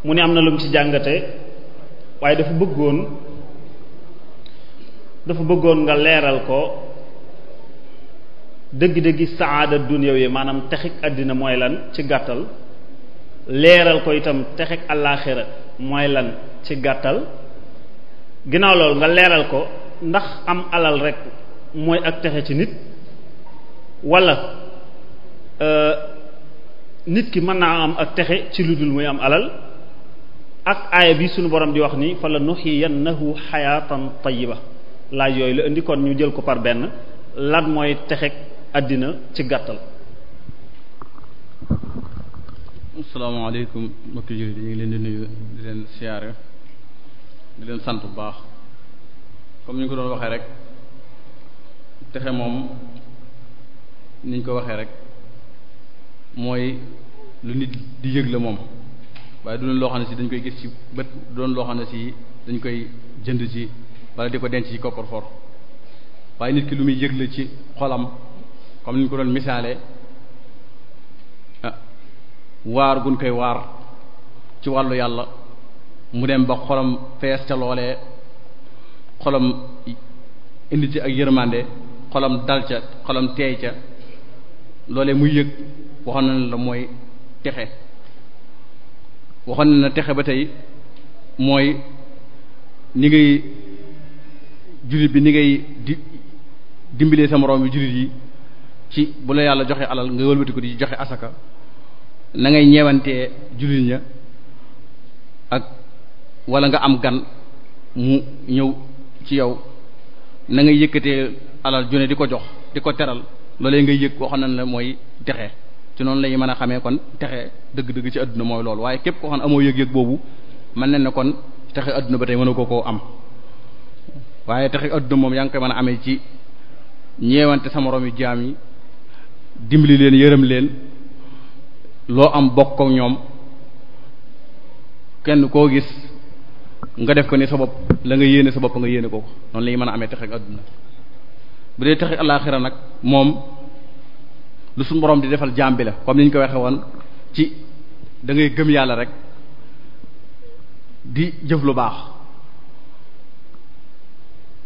mu ne am na lum ci jàngate waaye dafa bëggoon dafa bëggoon nga leeral ko dëgg-dëggi saada dun yi maanaam texik àddina mooy lan ci gàttal leeral ko itam texik àllaaxira mooy lan ci gàttal ginnaaw loolu nga leeral ko ndax am alal rekk mooy ak texe ci nit walla Euh, nit ki mën naa am ak texe ci lu dul muy am alal ak aaya bi suñu borom di wax ni fa la nuxiyannahu xayaatan tayiba laaj yooyu la indi kon ñu jël ko par benn lan mooy texeg àddina ci gàttal asalaamaaleykum mbokki jullit yi ñu ngi leen di nuyu di leen siyaare di leen sant bu baax comme ni ñu ko doon waxee rek texe moom ni ñu ko waxee rek mooy lu nit di yëg la moom waaye du doon loo xam ne si dañ koy gis ci bët du doon loo xam ne si dañ koy jënd ci wala di ko denc ci coffre waaye nit ki lu muy yëg la ci xolam comme ni ñu ko doon misaale ah, waar guñ koy waar ci wàllu yàlla mu dem ba xolam fees ca loolee xolam indi ci ak yërmande xolam dal ca xolam teey ca loolee muy yëg waxoon na la mooy texe waxoon na texe ba tey mooy ni ngay jullit bi ni ngay di dimbalee sa moroom bi jullit yi ci bu la yàlla joxe alal nga wëlbati ko di joxe asaka nangay ngay ñeewantee jullit ña ak wala nga am gan mu ñëw ci yow na ngay yëkkatee alal june di ko jox di ko teral loolee ngay yëg waxoon na la mooy texe ci noonu la ñu mën a xamee kon texe dëgg-dëgg ci adduna mooy loolu waaye képp koo xam amoo yëg-yëg boobu mën na ne kon texe adduna ba tey mën a ko koo am waaye texe adduna moom yaa ngi koy mën a amee ci ñeewante sa moroom yu jaam dimbali leen yërëm leen loo am bokk ñoom kenn koo gis nga def ko ni sa bopp la nga yéene sa bopp nga yéene ko ko noonu mën amee texe adduna bu dee texe alaaxira nag moom. lu su borom di defal jaam bi la comme ni ñu ko waxe woon ci da ngay gëm yàlla rek di jëf lu baax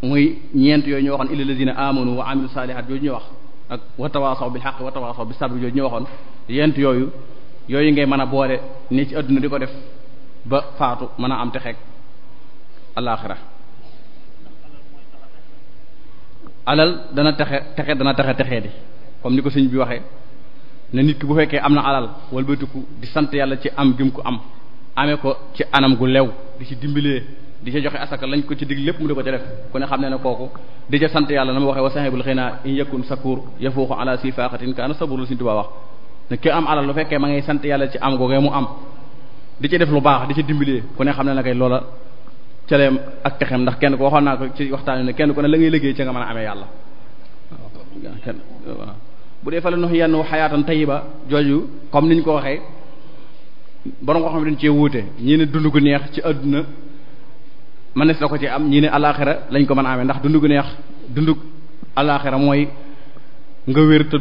muy ñeent yooyu ñu waxoon illal ladina amanu wa amilu salihat yooyu ñu wax ak wa tawaasaw bil xaq wa bi bis sabr yooyu ñu waxoon yent yooyu yooyu ngay mën a boole ne ci àdduna di ko def ba faatu mën a am te xeeg alal dana texe texe dana texe texee di comme ni ko sëñ bi waxee ne nit ki bu fekkee am na alal walbatiku di sant yàlla ci am gim ko am amee ko ci anam gu lew di ci dimbalee di ca joxe asaka lañ ko ci dig lépp mu dee ko xam ne ne kooku di ca sant yàlla na ma waxee wa sahibul xina in yakun sakur yafuuxu ala sifaqatin kana saburul wax am alal lu fekkee ma ngay sant yàlla ci am googee mu am di ci def lu baax di ci dimbalee ku ne xam ne na kay loola caleem ak texem ndax kenn ko waxoon naa ko ci waxtaan ne kenn ko ne la ngay liggéey ca nga mën a amee yàlla ah, bu dee fa la nox yenn xayaatan tayiba jooju comme niñ ko waxee borom ko xam ne dañ cee wuute ñii ne dund gu neex ci àdduna mënees na ko ci am ñii ne alaxira lañ ko mën a amee ndax dundu gu neex dund alaxira mooy nga wér te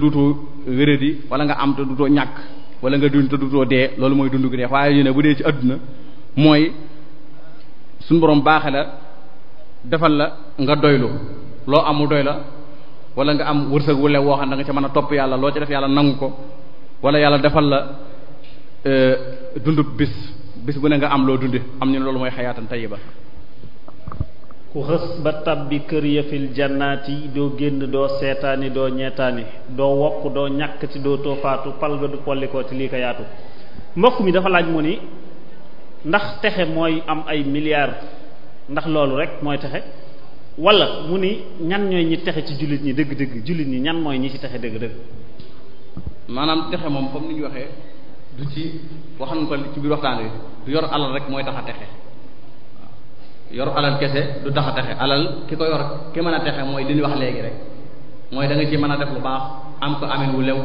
wéradi wala nga am te duutoo ñàkk wala nga dund te duutoo dee loolu mooy dund gu neex waaye ñu ne bu dee ci àdduna mooy suñ borom baaxe la defal la nga doylu loo amul doy la wala nga am wërsëg wule woo xam da nga ca mën a topp yàlla loo ci def yàlla nangu ko wala yàlla defal la e, dundub bis bis bu ne nga am loo dunde am ñu loolu mooy xayaatan tayiba ku xës ba tabbi kër ya fil jannaati doo génn doo seetaani doo ñeetaani doo wopp doo ñàkk ci doo toofaatu pal ga du pollikoo ci lii ko yaatu mbokk mi dafa laaj mu ni ndax texe mooy am ay milliards ndax loolu rek mooy texe wala mu ni ñan ñooy ñi texe ci jullit ñi dégg dégg jullit ñi ñan mooy ñi ci texe dégg dëgg maanaam texe moom comme ni ñu waxee du ci waxan ko ci biir waxtaan wi du yor alal rek mooy tax a texe yor alal kese du tax a texe alal ki ko yor ki mën a texe mooy li ñu wax léegi rek mooy da nga ci mën a def lu baax am ko lew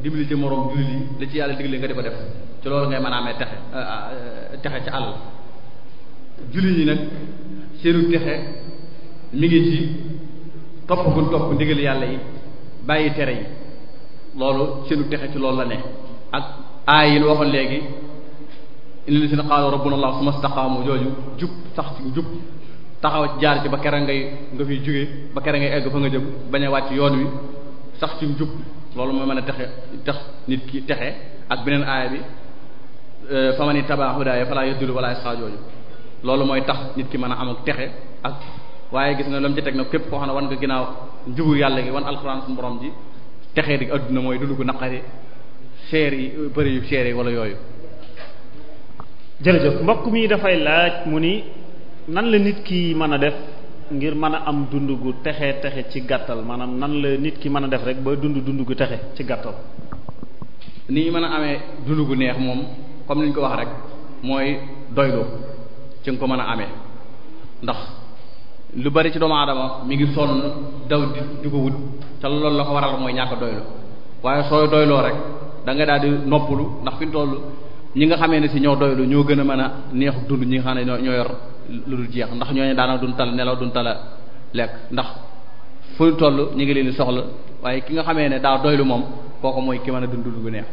dimbali ci moroom jullit ci yàlla digle nga di ko def loolu ngay mën a amee texe euh, euh, texe ci alal ñi nag seenu texe mi ngi ci topp gun topp ndigal yàlla yi bàyyi tere yi loolu seenu texe ci loolu la ne ak aay yi nu waxoon léegi inna lisina qaalu rabbuna allah summa staqaamu jooju jub sax ci jub taxaw ci jaar ci ba kera ngay nga fi jóge ba kera ngay egg fa nga jëm bañ a wàcc yoon wi sax ci jub loolu mooy mën a texe tax nit ki texe ak beneen aay bi euh, famani tabaa hudaaya falaa yadillu wala isqa jooju loolu mooy tax nit ki mën a am texe ak waaye gis nga lam ci teg nag képp koo xam ne wan nga ginnaaw njubu yàlla gi wan alxuraan suñu borom ji texee di adduna mooy dund gu naqari seer yi bëri yu seer yi wala yooyu jërëjëf mbokk mi dafay laaj mu ni nan la nit ki mën a def ngir mën a am dund gu texe texe ci gàttal maanaam nan la nit ki mën a def rek ba dund dund gu texe ci gàttal ni ñu mën a amee dund gu neex moom comme ni ñu ko wax rek mooy doylu ci nga ko mën a amee ndax lu bari ci doomu aadama mi ngi sonn daw di di ko wut te loolu la ko waral mooy ñàkk doylu waaye sooy doyloo rek da nga daal di noppalu ndax fi ñu toll ñi nga xamee ne si ñoo doylu ñoo gën a mën a neex dund ñi nga xam ne ñoo yor lu dul jeex ndax ñooñu daanaka duñ tal nelaw duñ tala lekk ndax fu ñu toll ñu ngi leen di soxla waaye ki nga xamee ne daa doylu moom kooku mooy ki mën a dund dund gu neex.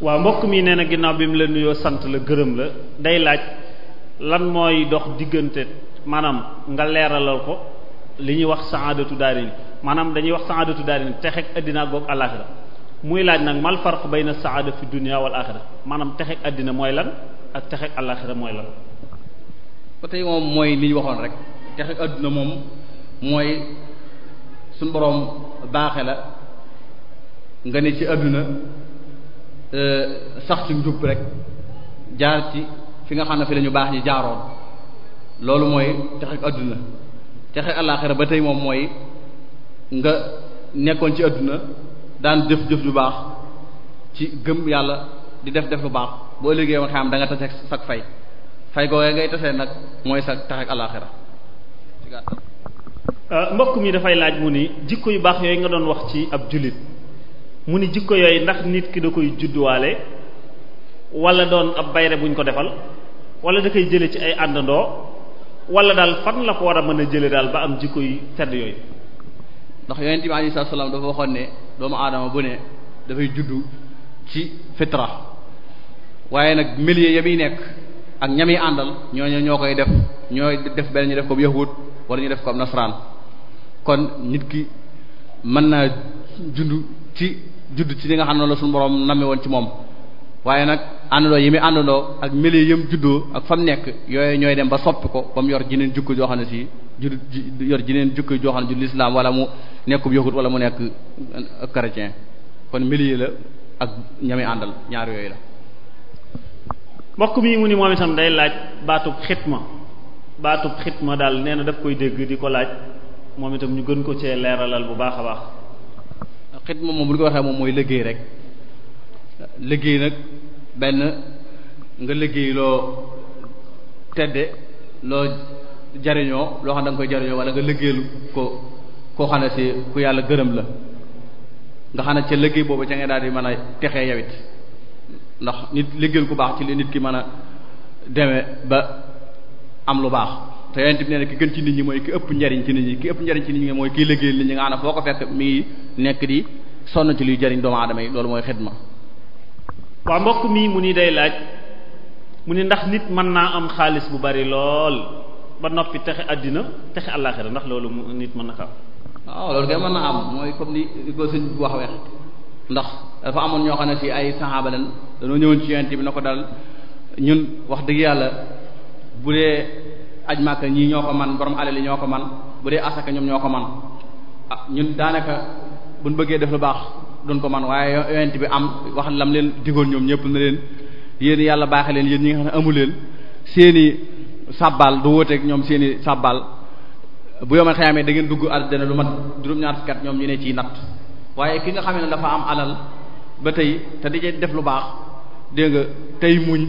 waaw mbokk mi nee na ginnaaw bi mu la nuyoo sant la gërëm la day laaj mooy dox diggante. maanaam nga leeralal ko li ñuy wax saadatu daarin maanaam dañuy wax saadatu daarin texeg addinaa goog alaaxira muy laaj nag mal farq bayna saada fi dunya wal aaxira maanaam texe addina mooy lan ak texeg alaaxira mooy lan ba moom mooy li waxoon rek texeg addina moom mooy suñu boroom baaxe la nga ne ci adduna euh, sax ci njub rek jaar ci fi nga xam ne fi la ñu baax ñi jaaroon loolu mooy texe àdduna texe àllaaxira ba tey moom mooy nga nekkoon ci àdduna daan jëf jëf ju baax ci gëm yàlla di def def lu baax boo liggéey ma xam da nga tase sag fay fay googee ngay tasee nag mooy sa taxek àllaaxira euh, mbokk mi dafay laaj mu ni jikko yu baax yooyu nga doon wax ci ab jullit mu ni jikko yooyu ndax nit ki da koy judduwaale wala doon ab bayre buñ ko defal wala da koy jële ci ay àndandoo wala daal fan la ko war a mën a jële daal ba am jikko yi tedd yooyu ndax yonent bi alayhi salaam dafa waxoon ne doomu aadama bu ne dafay juddu ci fitra waaye nag milieu ya muy nekk ak ñami àndal ñooñu ñoo koy def ñooy def benn ñu def ko yahud wala ñu def ko nasaraan kon nit ki mën naa juddu ci judd ci li nga xam ne la suñu borom name woon ci moom waaye nag àndandoo yi muy àndandoo ak meli yam juddoo ak fam nekk yooyu ñooy dem ba soppi ko ba mu yor jineen jukk joo xam ne si ju yor jineen jukk joo xam ne lislaam wala mu nekkub yahud wala mu nekk euh, chrétien kon meli yi la ak ñami àndal ñaar yooyu la mbokk mi mu ni moom itam day laaj baatub xitma baatub xitma daal nee daf koy dégg di ko laaj moom itam ñu gën ko cee leeralal bu baax a baax xitma moom bu ñu ko waxee moom mooy liggéey rek liggéey nag benn nga liggéey loo tedde loo jariñoo loo xam da nga koy jariñoo wala nga liggéeyal ko xam ne si ku yàlla gërëm la nga xam ne ca liggéey boobu ca daal di mën a texee yawit ndax nit liggéeyal ku baax ci li nit ki mën a demee ba am lu baax te yonent bi nee na ki gën ci nit ñi mooy ki ëpp njariñ ci nit ñi ki ëpp njariñ ci nit ñi mooy kiy liggéeyal nit ñi nga xam ne foo ko fekk mi nekk di sonn ci luy jariñ doomu aadama yi loolu mooy ma waa mbokk mi mu ni day laaj mu ni ndax nit mën naa am xaalis bu bari lool ba noppi texe àddina texe àllaaxira ndax loolu nit mën na am waaw ah, loolu kay mën na am mooy comme ni li ko sëñ ndax dafa amoon ñoo xam ne ci ay saxaaba lañ dañoo ñëwoon ci yonent bi na ko dal ñun wax dëgg yàlla bu dee aj Màkka ñii ñoo ko man borom alal yi ñoo ko man bu dee asaka ñoom ñoo ko man ah ñun daanaka buñ bëggee def lu baax duñ ko man waaye yonent bi am wax lam leen digoon ñoom ñëpp na leen yéen yàlla baaxe leen yéen ñi nga xam ne amu leen seeni sàbbaal du wóoteeg ñoom seeni sàbbaal bu yomal xayaamee da ngeen dugg àddina lu mat juróom-ñaar fukki ñoom ñu ne ciy natt waaye ki nga xam ne dafa am alal ba tey te di def lu baax dénga tey muñ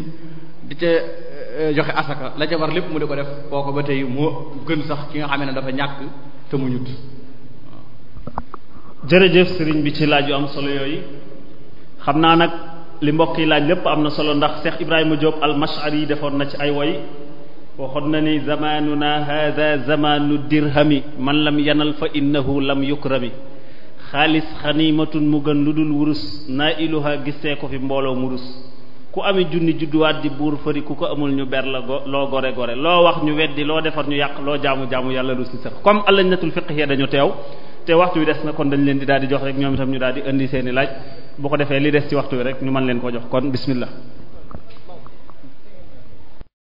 di ca eh, joxe asaka la jabar war lépp mu di ko def kooku ba tey moo gën sax ki nga xam ne dafa ñàkk te muñut jërëjëf sëriñ bi ci laaj yu am solo yooyu xam naa nag li mbokk yi laaj lépp am na solo ndax Cheikh Ibrahima Diop al-Mash'ari defoon na ci ay woy waxoon na ni zamanuna hadha zamanu dirhami man lam yenal fa innahu lam yukrami xaalis xanimatun mu gën lu dul wurus naa iluha gisee ko fi mbooloo murus rus ku ami junni judduwaat di buur fëri ku ko amul ñu ber la go loo gore gore loo wax ñu weddi loo defar ñu yàq loo jaamu jaamu yàlla rus si sax comme alajnatul fiqhiyya dañu teew te waxtu wi des na kon dañ leen di daal di jox rek ñoom itam ñu daal di indi seen i laaj bu ko defee li des ci waxtu wi rek ñu mën leen ko jox kon bismillah